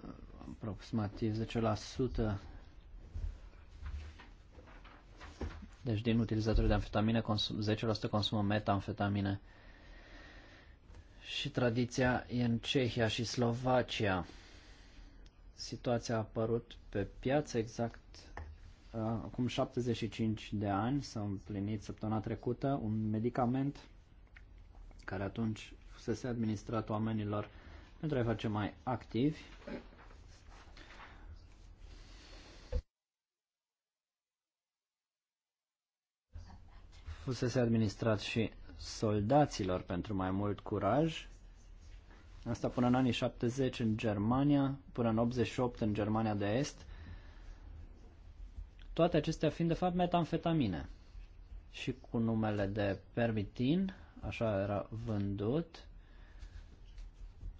Speaker 1: uh, aproximativ 10%. Deci din utilizatorii de amfetamine, 10% consumă metamfetamine. Și tradiția e în Cehia și Slovacia situația a apărut pe piață exact uh, acum 75 de ani, s-a împlinit săptămâna trecută, un medicament care atunci fusese administrat oamenilor pentru a-i face mai activi. Fusese administrat și soldaților pentru mai mult curaj Asta până în anii 70 în Germania, până în 88 în Germania de Est. Toate acestea fiind de fapt metamfetamine și cu numele de permitin, așa era vândut.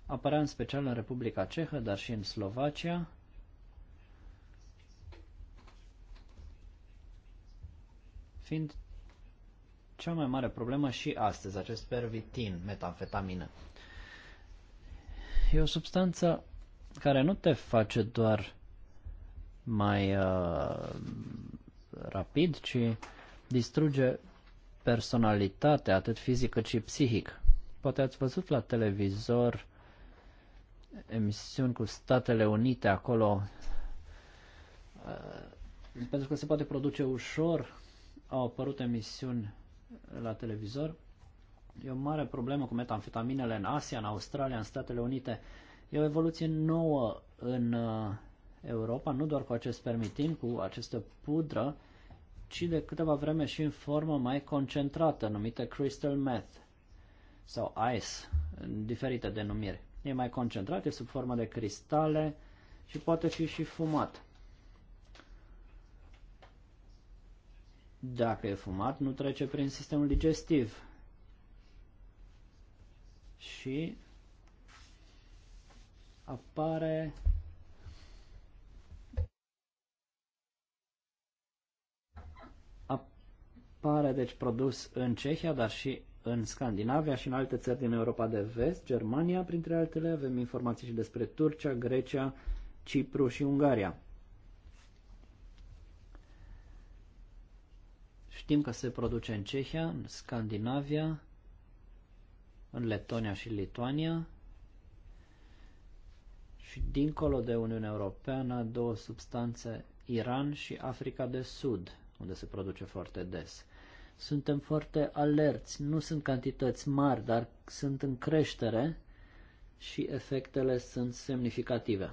Speaker 1: Apărea în special în Republica Cehă, dar și în Slovacia. Fiind cea mai mare problemă și astăzi, acest pervitin, metamfetamină. E o substanță care nu te face doar mai uh, rapid, ci distruge personalitatea, atât fizică cât și psihic. Poate ați văzut la televizor emisiuni cu Statele Unite acolo, uh, pentru că se poate produce ușor, au apărut emisiuni la televizor E o mare problemă cu metamfetaminele în Asia, în Australia, în Statele Unite. E o evoluție nouă în uh, Europa, nu doar cu acest permitin, cu această pudră, ci de câteva vreme și în formă mai concentrată, numită crystal meth sau ice, în diferite denumiri. E mai concentrat, e sub formă de cristale și poate fi și fumat. Dacă e fumat, nu trece prin sistemul digestiv, și apare apare deci produs în Cehia, dar și în Scandinavia și în alte țări din Europa de vest, Germania printre altele, avem informații și despre Turcia, Grecia, Cipru și Ungaria. Știm că se produce în Cehia, în Scandinavia, în Letonia și Lituania și dincolo de Uniunea Europeană două substanțe, Iran și Africa de Sud, unde se produce foarte des. Suntem foarte alerți, nu sunt cantități mari, dar sunt în creștere și efectele sunt semnificative.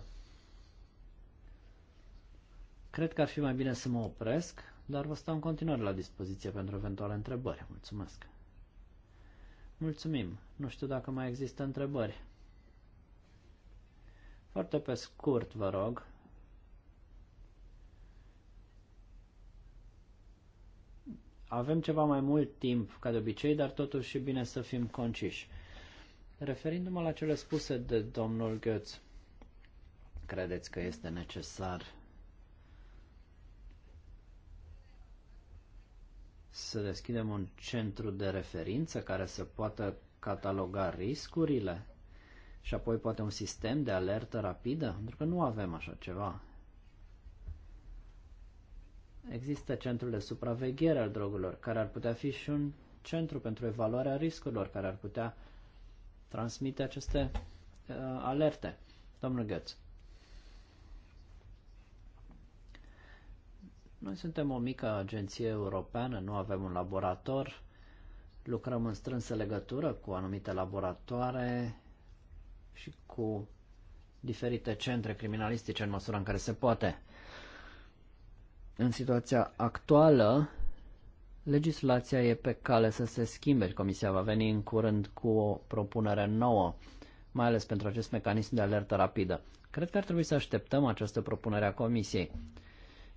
Speaker 1: Cred că ar fi mai bine să mă opresc, dar vă stau în continuare la dispoziție pentru eventuale întrebări. Mulțumesc! Mulțumim. Nu știu dacă mai există întrebări. Foarte pe scurt, vă rog. Avem ceva mai mult timp, ca de obicei, dar totuși e bine să fim conciși. Referindu-mă la cele spuse de domnul Goetz, credeți că este necesar să deschidem un centru de referință care să poată cataloga riscurile și apoi poate un sistem de alertă rapidă, pentru că nu avem așa ceva. Există centrul de supraveghere al drogurilor, care ar putea fi și un centru pentru evaluarea riscurilor, care ar putea transmite aceste uh, alerte. Domnul Gheț. Noi suntem o mică agenție europeană, nu avem un laborator, lucrăm în strânsă legătură cu anumite laboratoare și cu diferite centre criminalistice în măsura în care se poate. În situația actuală, legislația e pe cale să se schimbe. Comisia va veni în curând cu o propunere nouă, mai ales pentru acest mecanism de alertă rapidă. Cred că ar trebui să așteptăm această propunere a Comisiei.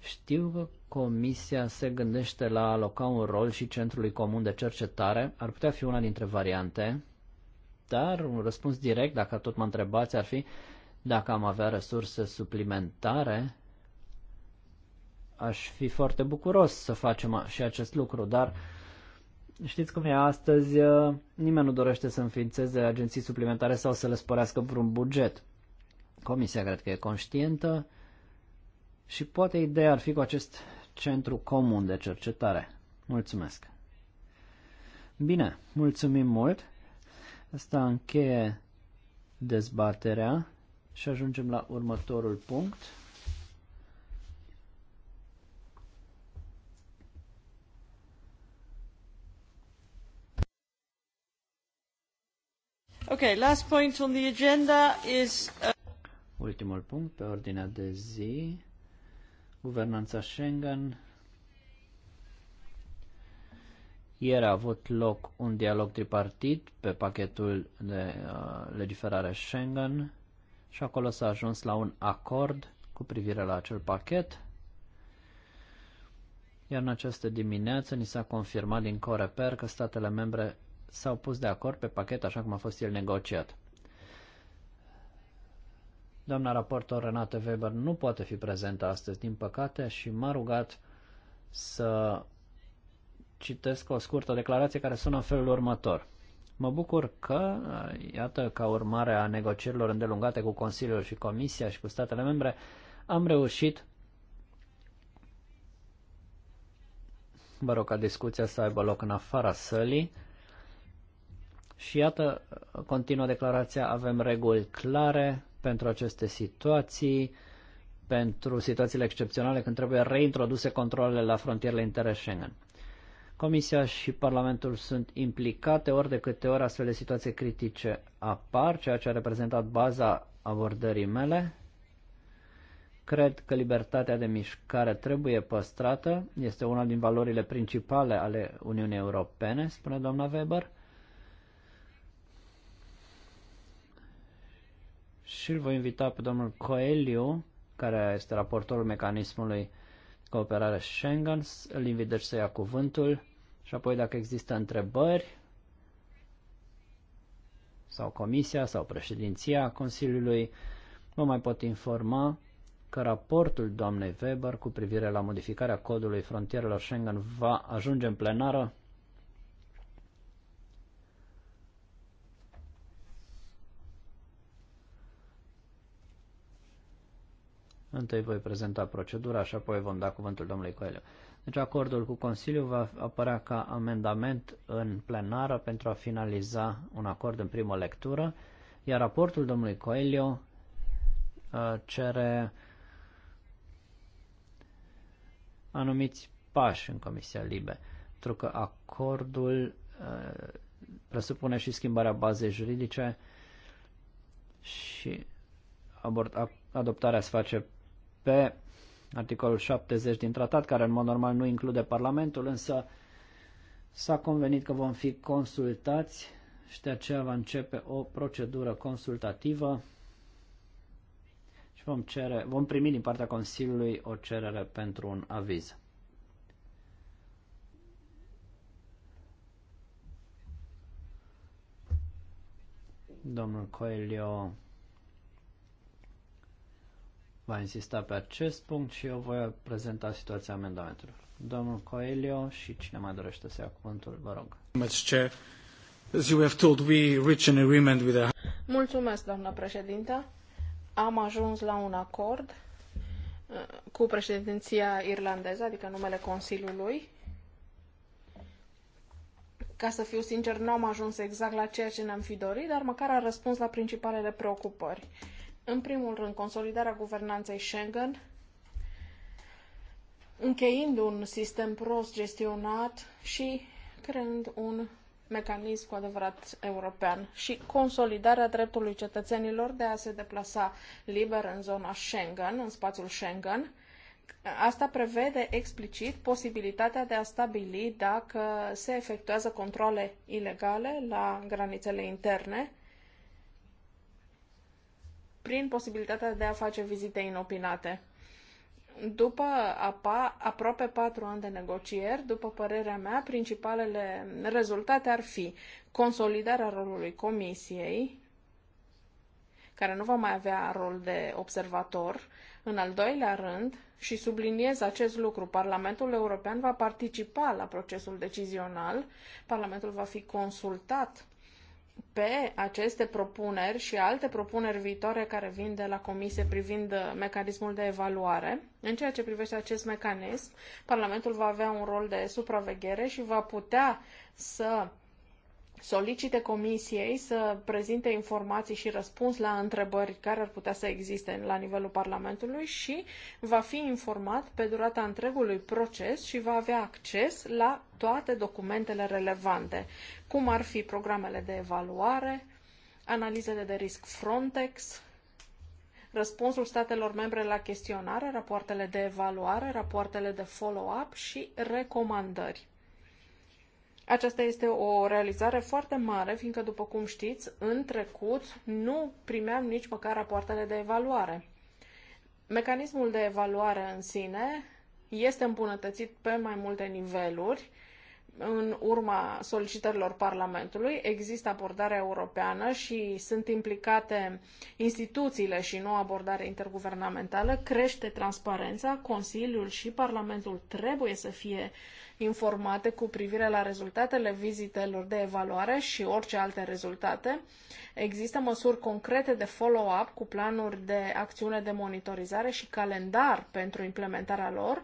Speaker 1: Știu că Comisia se gândește la aloca un rol și Centrului Comun de Cercetare. Ar putea fi una dintre variante, dar un răspuns direct, dacă tot mă întrebați, ar fi dacă am avea resurse suplimentare, aș fi foarte bucuros să facem și acest lucru, dar știți cum e astăzi, uh, nimeni nu dorește să înființeze agenții suplimentare sau să le sporească vreun buget. Comisia cred că e conștientă și poate ideea ar fi cu acest centru comun de cercetare. Mulțumesc! Bine, mulțumim mult! Asta încheie dezbaterea și ajungem la următorul punct. Okay, last point on the agenda is... Uh, Ultimul punct pe ordinea de zi guvernanța Schengen. Ieri a avut loc un dialog tripartit pe pachetul de uh, legiferare Schengen și acolo s-a ajuns la un acord cu privire la acel pachet. Iar în această dimineață ni s-a confirmat din Coreper că statele membre s-au pus de acord pe pachet așa cum a fost el negociat. Doamna raportor Renate Weber nu poate fi prezentă astăzi, din păcate, și m-a rugat să citesc o scurtă declarație care sună în felul următor. Mă bucur că, iată, ca urmare a negocierilor îndelungate cu Consiliul și Comisia și cu statele membre, am reușit vă rog ca discuția să aibă loc în afara sălii. Și iată, continuă declarația, avem reguli clare pentru aceste situații, pentru situațiile excepționale când trebuie reintroduse controlele la frontierele interne Schengen. Comisia și Parlamentul sunt implicate ori de câte ori astfel de situații critice apar, ceea ce a reprezentat baza abordării mele. Cred că libertatea de mișcare trebuie păstrată, este una din valorile principale ale Uniunii Europene, spune doamna Weber și îl voi invita pe domnul Coelio, care este raportorul mecanismului cooperare Schengen, îl invit deci să ia cuvântul și apoi dacă există întrebări sau comisia sau președinția Consiliului, vă mai pot informa că raportul doamnei Weber cu privire la modificarea codului frontierelor Schengen va ajunge în plenară Întâi voi prezenta procedura și apoi vom da cuvântul domnului Coelho. Deci acordul cu Consiliul va apărea ca amendament în plenară pentru a finaliza un acord în primă lectură, iar raportul domnului Coelho uh, cere anumiți pași în Comisia Libe, pentru că acordul uh, presupune și schimbarea bazei juridice și adoptarea se face pe articolul 70 din tratat, care în mod normal nu include Parlamentul, însă s-a convenit că vom fi consultați și de aceea va începe o procedură consultativă și vom, cere, vom primi din partea Consiliului o cerere pentru un aviz. Domnul Coelho va insista pe acest punct și eu voi prezenta situația amendamentului, Domnul Coelho și cine mai dorește să ia cuvântul, vă rog.
Speaker 2: Mulțumesc, doamnă președintă. Am ajuns la un acord uh, cu președinția irlandeză, adică numele Consiliului. Ca să fiu sincer, nu am ajuns exact la ceea ce ne-am fi dorit, dar măcar a răspuns la principalele preocupări. În primul rând, consolidarea guvernanței Schengen, încheind un sistem prost gestionat și creând un mecanism cu adevărat european și consolidarea dreptului cetățenilor de a se deplasa liber în zona Schengen, în spațiul Schengen. Asta prevede explicit posibilitatea de a stabili dacă se efectuează controle ilegale la granițele interne prin posibilitatea de a face vizite inopinate. După apa, aproape patru ani de negocieri, după părerea mea, principalele rezultate ar fi consolidarea rolului Comisiei, care nu va mai avea rol de observator. În al doilea rând, și subliniez acest lucru, Parlamentul European va participa la procesul decizional, Parlamentul va fi consultat pe aceste propuneri și alte propuneri viitoare care vin de la Comisie privind uh, mecanismul de evaluare. În ceea ce privește acest mecanism, Parlamentul va avea un rol de supraveghere și va putea să solicite comisiei să prezinte informații și răspuns la întrebări care ar putea să existe la nivelul Parlamentului și va fi informat pe durata întregului proces și va avea acces la toate documentele relevante, cum ar fi programele de evaluare, analizele de risc Frontex, răspunsul statelor membre la chestionare, rapoartele de evaluare, rapoartele de follow-up și recomandări. Aceasta este o realizare foarte mare, fiindcă, după cum știți, în trecut nu primeam nici măcar rapoartele de evaluare. Mecanismul de evaluare în sine este îmbunătățit pe mai multe niveluri în urma solicitărilor Parlamentului. Există abordare europeană și sunt implicate instituțiile și noua abordare interguvernamentală. Crește transparența, Consiliul și Parlamentul trebuie să fie informate cu privire la rezultatele vizitelor de evaluare și orice alte rezultate. Există măsuri concrete de follow-up cu planuri de acțiune de monitorizare și calendar pentru implementarea lor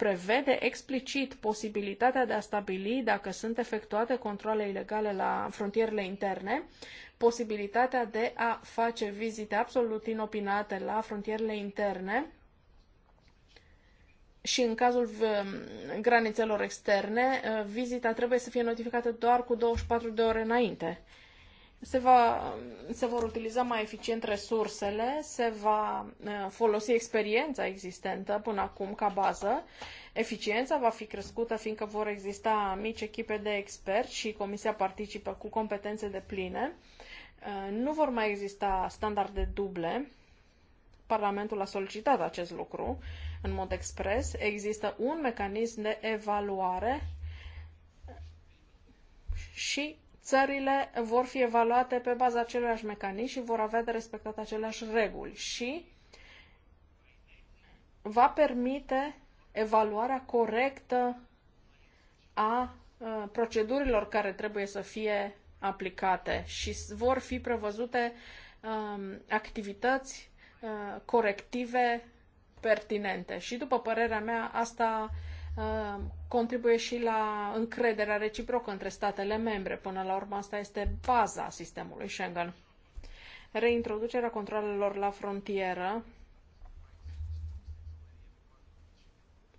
Speaker 2: prevede explicit posibilitatea de a stabili dacă sunt efectuate controle ilegale la frontierele interne, posibilitatea de a face vizite absolut inopinate la frontierele interne și în cazul um, granițelor externe, uh, vizita trebuie să fie notificată doar cu 24 de ore înainte se, va, se vor utiliza mai eficient resursele, se va uh, folosi experiența existentă până acum ca bază. Eficiența va fi crescută fiindcă vor exista mici echipe de experți și comisia participă cu competențe de pline. Uh, nu vor mai exista standarde duble. Parlamentul a solicitat acest lucru în mod expres. Există un mecanism de evaluare și țările vor fi evaluate pe baza aceleași mecanism și vor avea de respectat aceleași reguli și va permite evaluarea corectă a uh, procedurilor care trebuie să fie aplicate și vor fi prevăzute um, activități uh, corective pertinente. Și după părerea mea, asta uh, contribuie și la încrederea reciprocă între statele membre. Până la urmă, asta este baza sistemului Schengen. Reintroducerea controlelor la frontieră,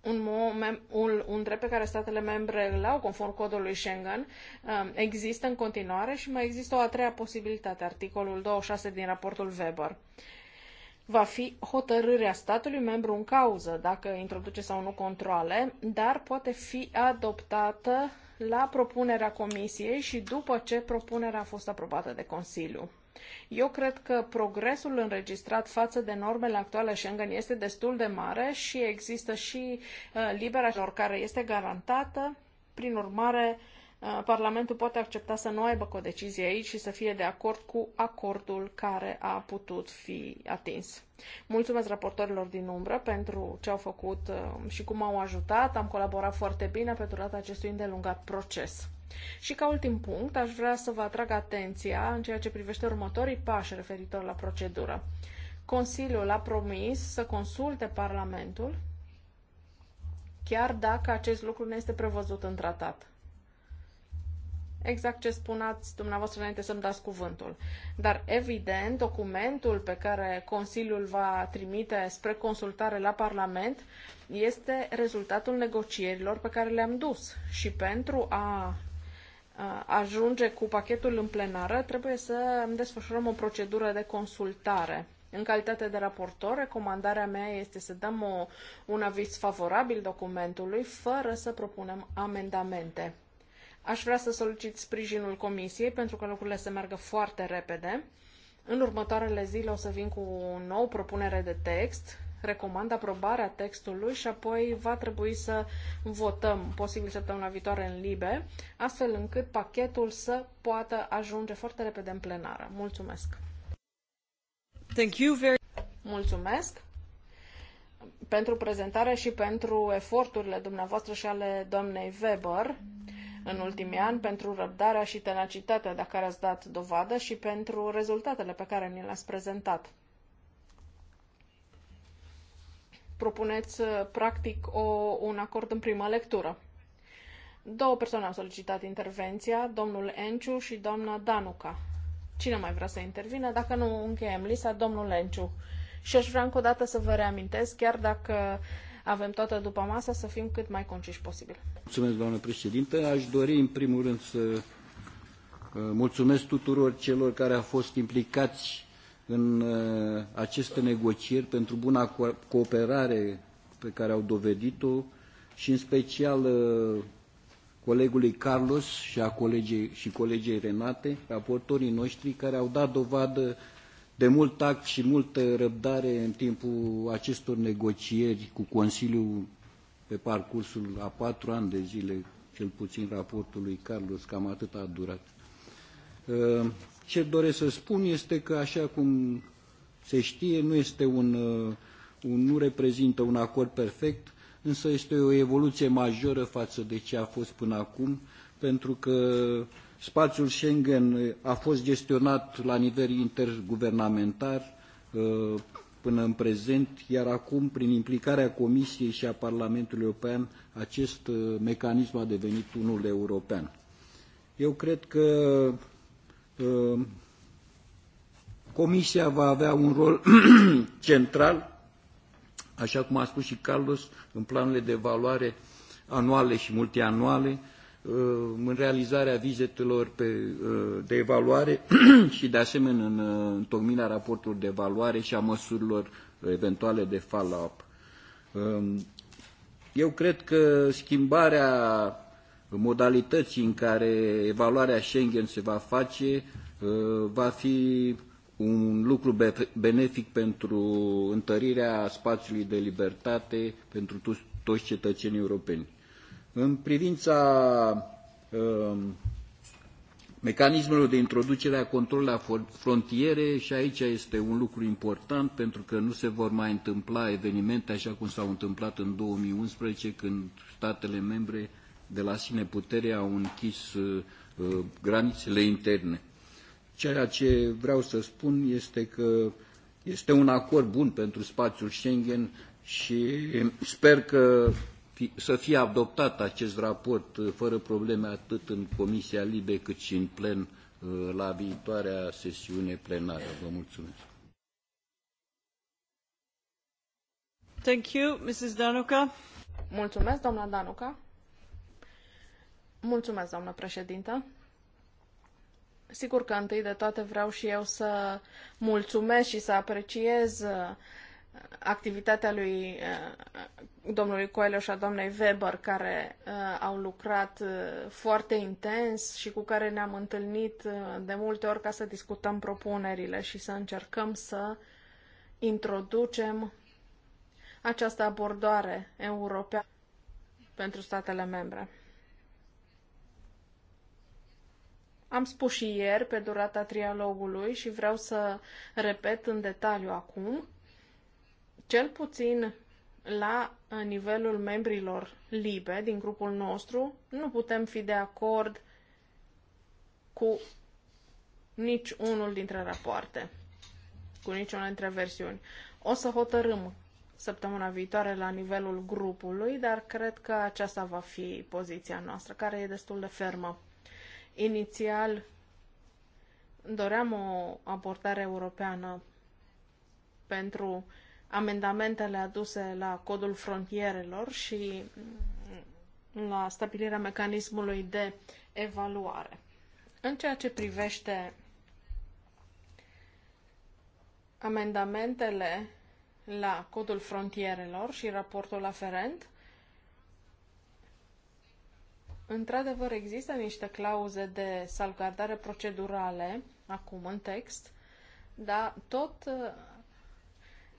Speaker 2: un, un, un drept pe care statele membre îl au conform codului Schengen, um, există în continuare și mai există o a treia posibilitate, articolul 26 din raportul Weber va fi hotărârea statului membru în cauză, dacă introduce sau nu controle, dar poate fi adoptată la propunerea Comisiei și după ce propunerea a fost aprobată de Consiliu. Eu cred că progresul înregistrat față de normele actuale Schengen este destul de mare și există și uh, libera lor care este garantată. Prin urmare, uh, Uh, Parlamentul poate accepta să nu aibă codecizie aici și să fie de acord cu acordul care a putut fi atins. Mulțumesc raportorilor din umbră pentru ce au făcut uh, și cum au ajutat. Am colaborat foarte bine pe durata acestui îndelungat proces. Și ca ultim punct, aș vrea să vă atrag atenția în ceea ce privește următorii pași referitor la procedură. Consiliul a promis să consulte Parlamentul, chiar dacă acest lucru nu este prevăzut în tratat exact ce spuneați dumneavoastră înainte să-mi dați cuvântul. Dar, evident, documentul pe care Consiliul va trimite spre consultare la Parlament este rezultatul negocierilor pe care le-am dus. Și pentru a ajunge cu pachetul în plenară, trebuie să desfășurăm o procedură de consultare. În calitate de raportor, recomandarea mea este să dăm o, un aviz favorabil documentului fără să propunem amendamente. Aș vrea să solicit sprijinul comisiei pentru că lucrurile se meargă foarte repede. În următoarele zile o să vin cu o nouă propunere de text, recomand aprobarea textului și apoi va trebui să votăm, posibil săptămâna viitoare în libe, astfel încât pachetul să poată ajunge foarte repede în plenară. Mulțumesc! Thank you very... Mulțumesc pentru prezentare și pentru eforturile dumneavoastră și ale doamnei Weber în ultimii ani, pentru răbdarea și tenacitatea de care ați dat dovadă și pentru rezultatele pe care ni le-ați prezentat. Propuneți, uh, practic, o, un acord în primă lectură. Două persoane au solicitat intervenția, domnul Enciu și doamna Danuca. Cine mai vrea să intervină? Dacă nu încheiem lista, domnul Enciu. Și aș vrea încă o dată să vă reamintesc, chiar dacă uh, avem toată după masă, să fim cât mai conciși posibil.
Speaker 4: Mulțumesc, doamnă președinte. Aș dori, în primul rând, să uh, mulțumesc tuturor celor care au fost implicați în uh, aceste negocieri pentru buna cooperare pe care au dovedit-o și în special uh, colegului Carlos și a colegei, și colegei Renate, raportorii noștri care au dat dovadă de mult tact și multă răbdare în timpul acestor negocieri cu Consiliul pe parcursul a patru ani de zile, cel puțin raportul lui Carlos, cam atât a durat. Ă, ce doresc să spun este că, așa cum se știe, nu, este un, ă, un, nu reprezintă un acord perfect, însă este o evoluție majoră față de ce a fost până acum, pentru că Spațiul Schengen uh, a fost gestionat la nivel interguvernamental uh, până în prezent, iar acum, prin implicarea Comisiei și a Parlamentului European, acest uh, mecanism a devenit unul european. Eu cred că Comisia va avea un rol central, așa cum a spus și Carlos, în planurile de evaluare anuale și multianuale, Uh, în realizarea vizetelor pe, uh, de evaluare și de asemenea în uh, întocmirea raportului de evaluare și a măsurilor eventuale de follow-up. Um, eu cred că schimbarea modalității în care evaluarea Schengen se va face va fi un lucru benefic pentru întărirea spațiului de libertate pentru toți cetățenii europeni. În privința um, mecanismelor de introducere a controlului la frontiere și aici este un lucru important pentru că nu se vor mai întâmpla evenimente așa cum s-au întâmplat în 2011 când statele membre de la sine putere au închis uh, granițele interne. Ceea ce vreau să spun este că este un acord bun pentru spațiul Schengen și sper că fi, să fie adoptat acest raport uh, fără probleme atât în Comisia Libe cât și în plen uh, la viitoarea sesiune plenară. Vă mulțumesc.
Speaker 2: Thank you, Mrs. Danuka. Mulțumesc, doamna Danuka. Mulțumesc, doamnă președintă. Sigur că întâi de toate vreau și eu să mulțumesc și să apreciez uh, activitatea lui uh, domnului Coelho și a doamnei Weber, care uh, au lucrat uh, foarte intens și cu care ne-am întâlnit de multe ori ca să discutăm propunerile și să încercăm să introducem această abordare europeană pentru statele membre. Am spus și ieri pe durata trialogului și vreau să repet în detaliu acum cel puțin la uh, nivelul membrilor libe din grupul nostru, nu putem fi de acord cu nici unul dintre rapoarte, cu niciuna dintre versiuni. O să hotărâm săptămâna viitoare la nivelul grupului, dar cred că aceasta va fi poziția noastră, care e destul de fermă. Inițial doream o abordare europeană pentru uh, amendamentele aduse la codul frontierelor și la stabilirea mecanismului de evaluare. În ceea ce privește amendamentele la codul frontierelor și raportul aferent, într-adevăr există niște clauze de salvgardare procedurale acum în text, dar tot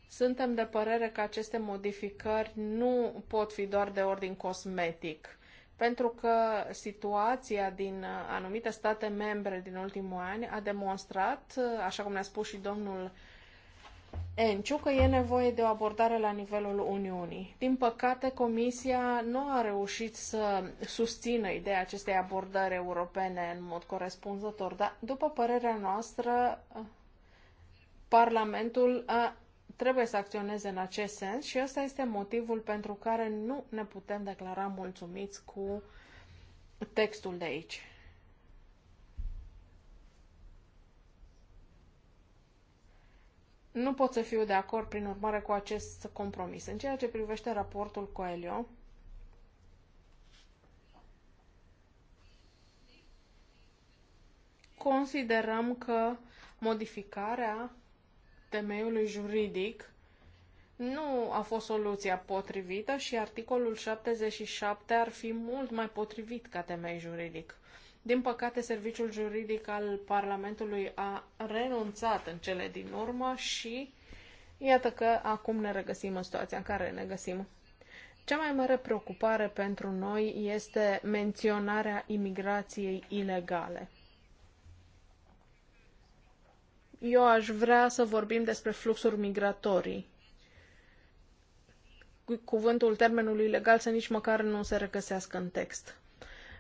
Speaker 2: suntem de părere că aceste modificări nu pot fi doar de ordin cosmetic, pentru că situația din anumite state membre din ultimul ani a demonstrat, așa cum ne-a spus și domnul Enciu că e nevoie de o abordare la nivelul Uniunii. Din păcate, Comisia nu a reușit să susțină ideea acestei abordări europene în mod corespunzător, dar, după părerea noastră, Parlamentul a trebuie să acționeze în acest sens și ăsta este motivul pentru care nu ne putem declara mulțumiți cu textul de aici. Nu pot să fiu de acord, prin urmare, cu acest compromis. În ceea ce privește raportul Coelho, considerăm că modificarea temeiului juridic nu a fost soluția potrivită și articolul 77 ar fi mult mai potrivit ca temei juridic. Din păcate, serviciul juridic al Parlamentului a renunțat în cele din urmă și iată că acum ne regăsim în situația în care ne găsim. Cea mai mare preocupare pentru noi este menționarea imigrației ilegale eu aș vrea să vorbim despre fluxuri migratorii. Cuvântul termenului legal să nici măcar nu se regăsească în text.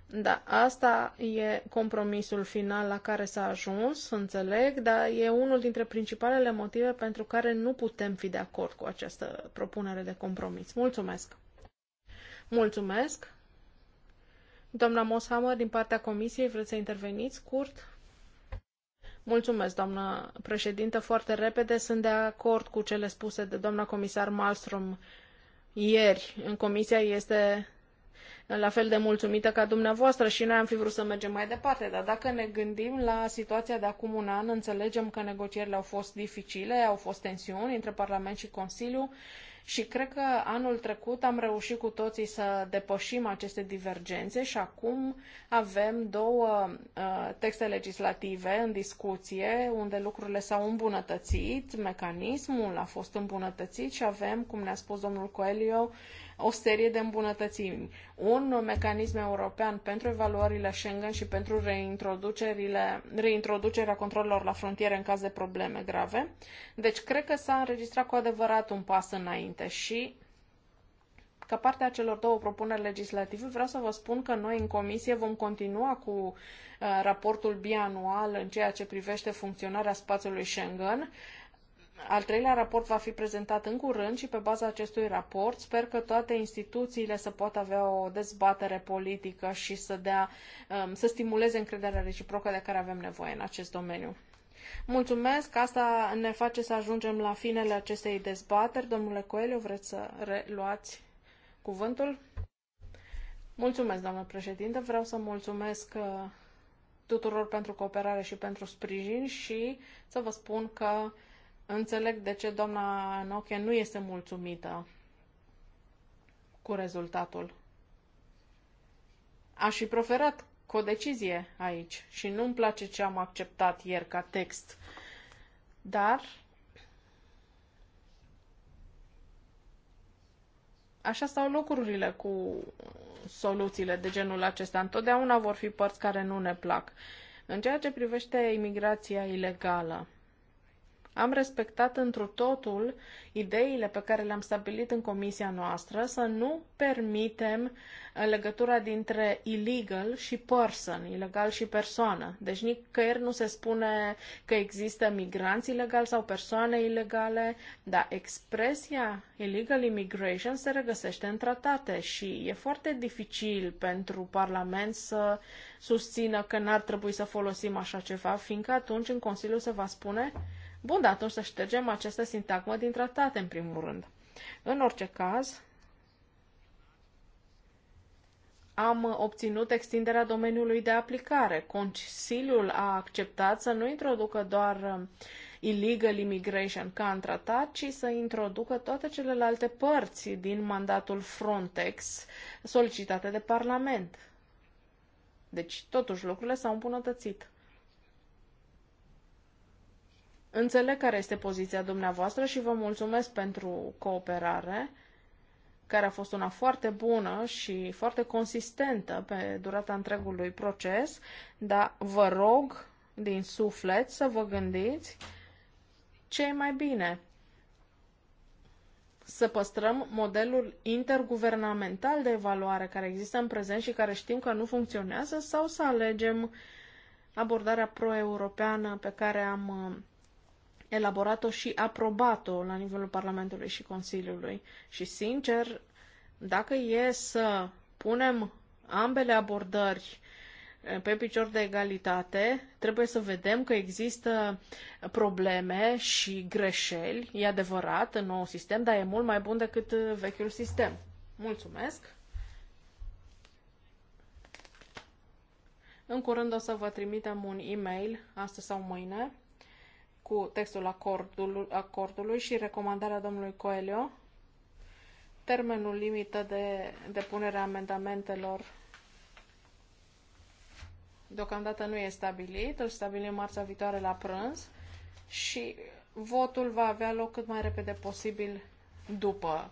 Speaker 2: Da, asta e compromisul final la care s-a ajuns, înțeleg, dar e unul dintre principalele motive pentru care nu putem fi de acord cu această propunere de compromis. Mulțumesc! Mulțumesc! Doamna Moshammer, din partea Comisiei, vreți să interveniți scurt? Mulțumesc, doamnă președintă. Foarte repede sunt de acord cu cele spuse de doamna comisar Malmström ieri în comisia. Este la fel de mulțumită ca dumneavoastră și noi am fi vrut să mergem mai departe, dar dacă ne gândim la situația de acum un an, înțelegem că negocierile au fost dificile, au fost tensiuni între Parlament și Consiliu și cred că anul trecut am reușit cu toții să depășim aceste divergențe și acum avem două uh, texte legislative în discuție unde lucrurile s-au îmbunătățit, mecanismul a fost îmbunătățit și avem, cum ne-a spus domnul Coelio, o serie de îmbunătățiri. Un mecanism european pentru evaluările Schengen și pentru reintroducerile, reintroducerea controlelor la frontiere în caz de probleme grave. Deci cred că s-a înregistrat cu adevărat un pas înainte președinte, și ca parte a celor două propuneri legislative, vreau să vă spun că noi în comisie vom continua cu uh, raportul bianual în ceea ce privește funcționarea spațiului Schengen. Al treilea raport va fi prezentat în curând și pe baza acestui raport sper că toate instituțiile să poată avea o dezbatere politică și să, dea, um, să stimuleze încrederea reciprocă de care avem nevoie în acest domeniu. Mulțumesc, asta ne face să ajungem la finele acestei dezbateri. Domnule Coelho, vreți să reluați cuvântul? Mulțumesc, doamnă președinte. Vreau să mulțumesc uh, tuturor pentru cooperare și pentru sprijin și să vă spun că înțeleg de ce doamna Noche nu este mulțumită cu rezultatul. Aș fi preferat codecizie aici și nu-mi place ce am acceptat ieri ca text. Dar așa stau lucrurile cu soluțiile de genul acesta. Întotdeauna vor fi părți care nu ne plac. În ceea ce privește imigrația ilegală, am respectat întru totul ideile pe care le-am stabilit în comisia noastră să nu permitem uh, legătura dintre illegal și person, ilegal și persoană. Deci nicăieri nu se spune că există migranți ilegali sau persoane ilegale, dar expresia illegal immigration se regăsește în tratate și e foarte dificil pentru Parlament să susțină că n-ar trebui să folosim așa ceva, fiindcă atunci în Consiliu se va spune Bun, dar atunci să ștergem această sintagmă din tratate, în primul rând. În orice caz, am obținut extinderea domeniului de aplicare. Consiliul a acceptat să nu introducă doar um, illegal immigration ca în tratat, ci să introducă toate celelalte părți din mandatul Frontex solicitate de Parlament. Deci, totuși, lucrurile s-au îmbunătățit. Înțeleg care este poziția dumneavoastră și vă mulțumesc pentru cooperare, care a fost una foarte bună și foarte consistentă pe durata întregului proces, dar vă rog din suflet să vă gândiți ce e mai bine. Să păstrăm modelul interguvernamental de evaluare care există în prezent și care știm că nu funcționează sau să alegem abordarea pro-europeană pe care am elaborat-o și aprobat-o la nivelul Parlamentului și Consiliului. Și, sincer, dacă e să punem ambele abordări eh, pe picior de egalitate, trebuie să vedem că există probleme și greșeli, e adevărat, în nou sistem, dar e mult mai bun decât eh, vechiul sistem. Mulțumesc! În curând o să vă trimitem un e-mail, astăzi sau mâine, cu textul acordului, acordului și recomandarea domnului Coelho. Termenul limită de depunere a amendamentelor deocamdată nu e stabilit, îl stabilim marța viitoare la prânz și votul va avea loc cât mai repede posibil după,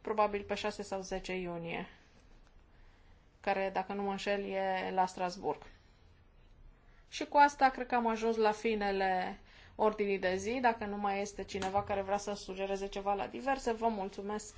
Speaker 2: probabil pe 6 sau 10 iunie, care, dacă nu mă înșel, e la Strasburg. Și cu asta cred că am ajuns la finele ordinii de zi. Dacă nu mai este cineva care vrea să sugereze ceva la diverse, vă mulțumesc!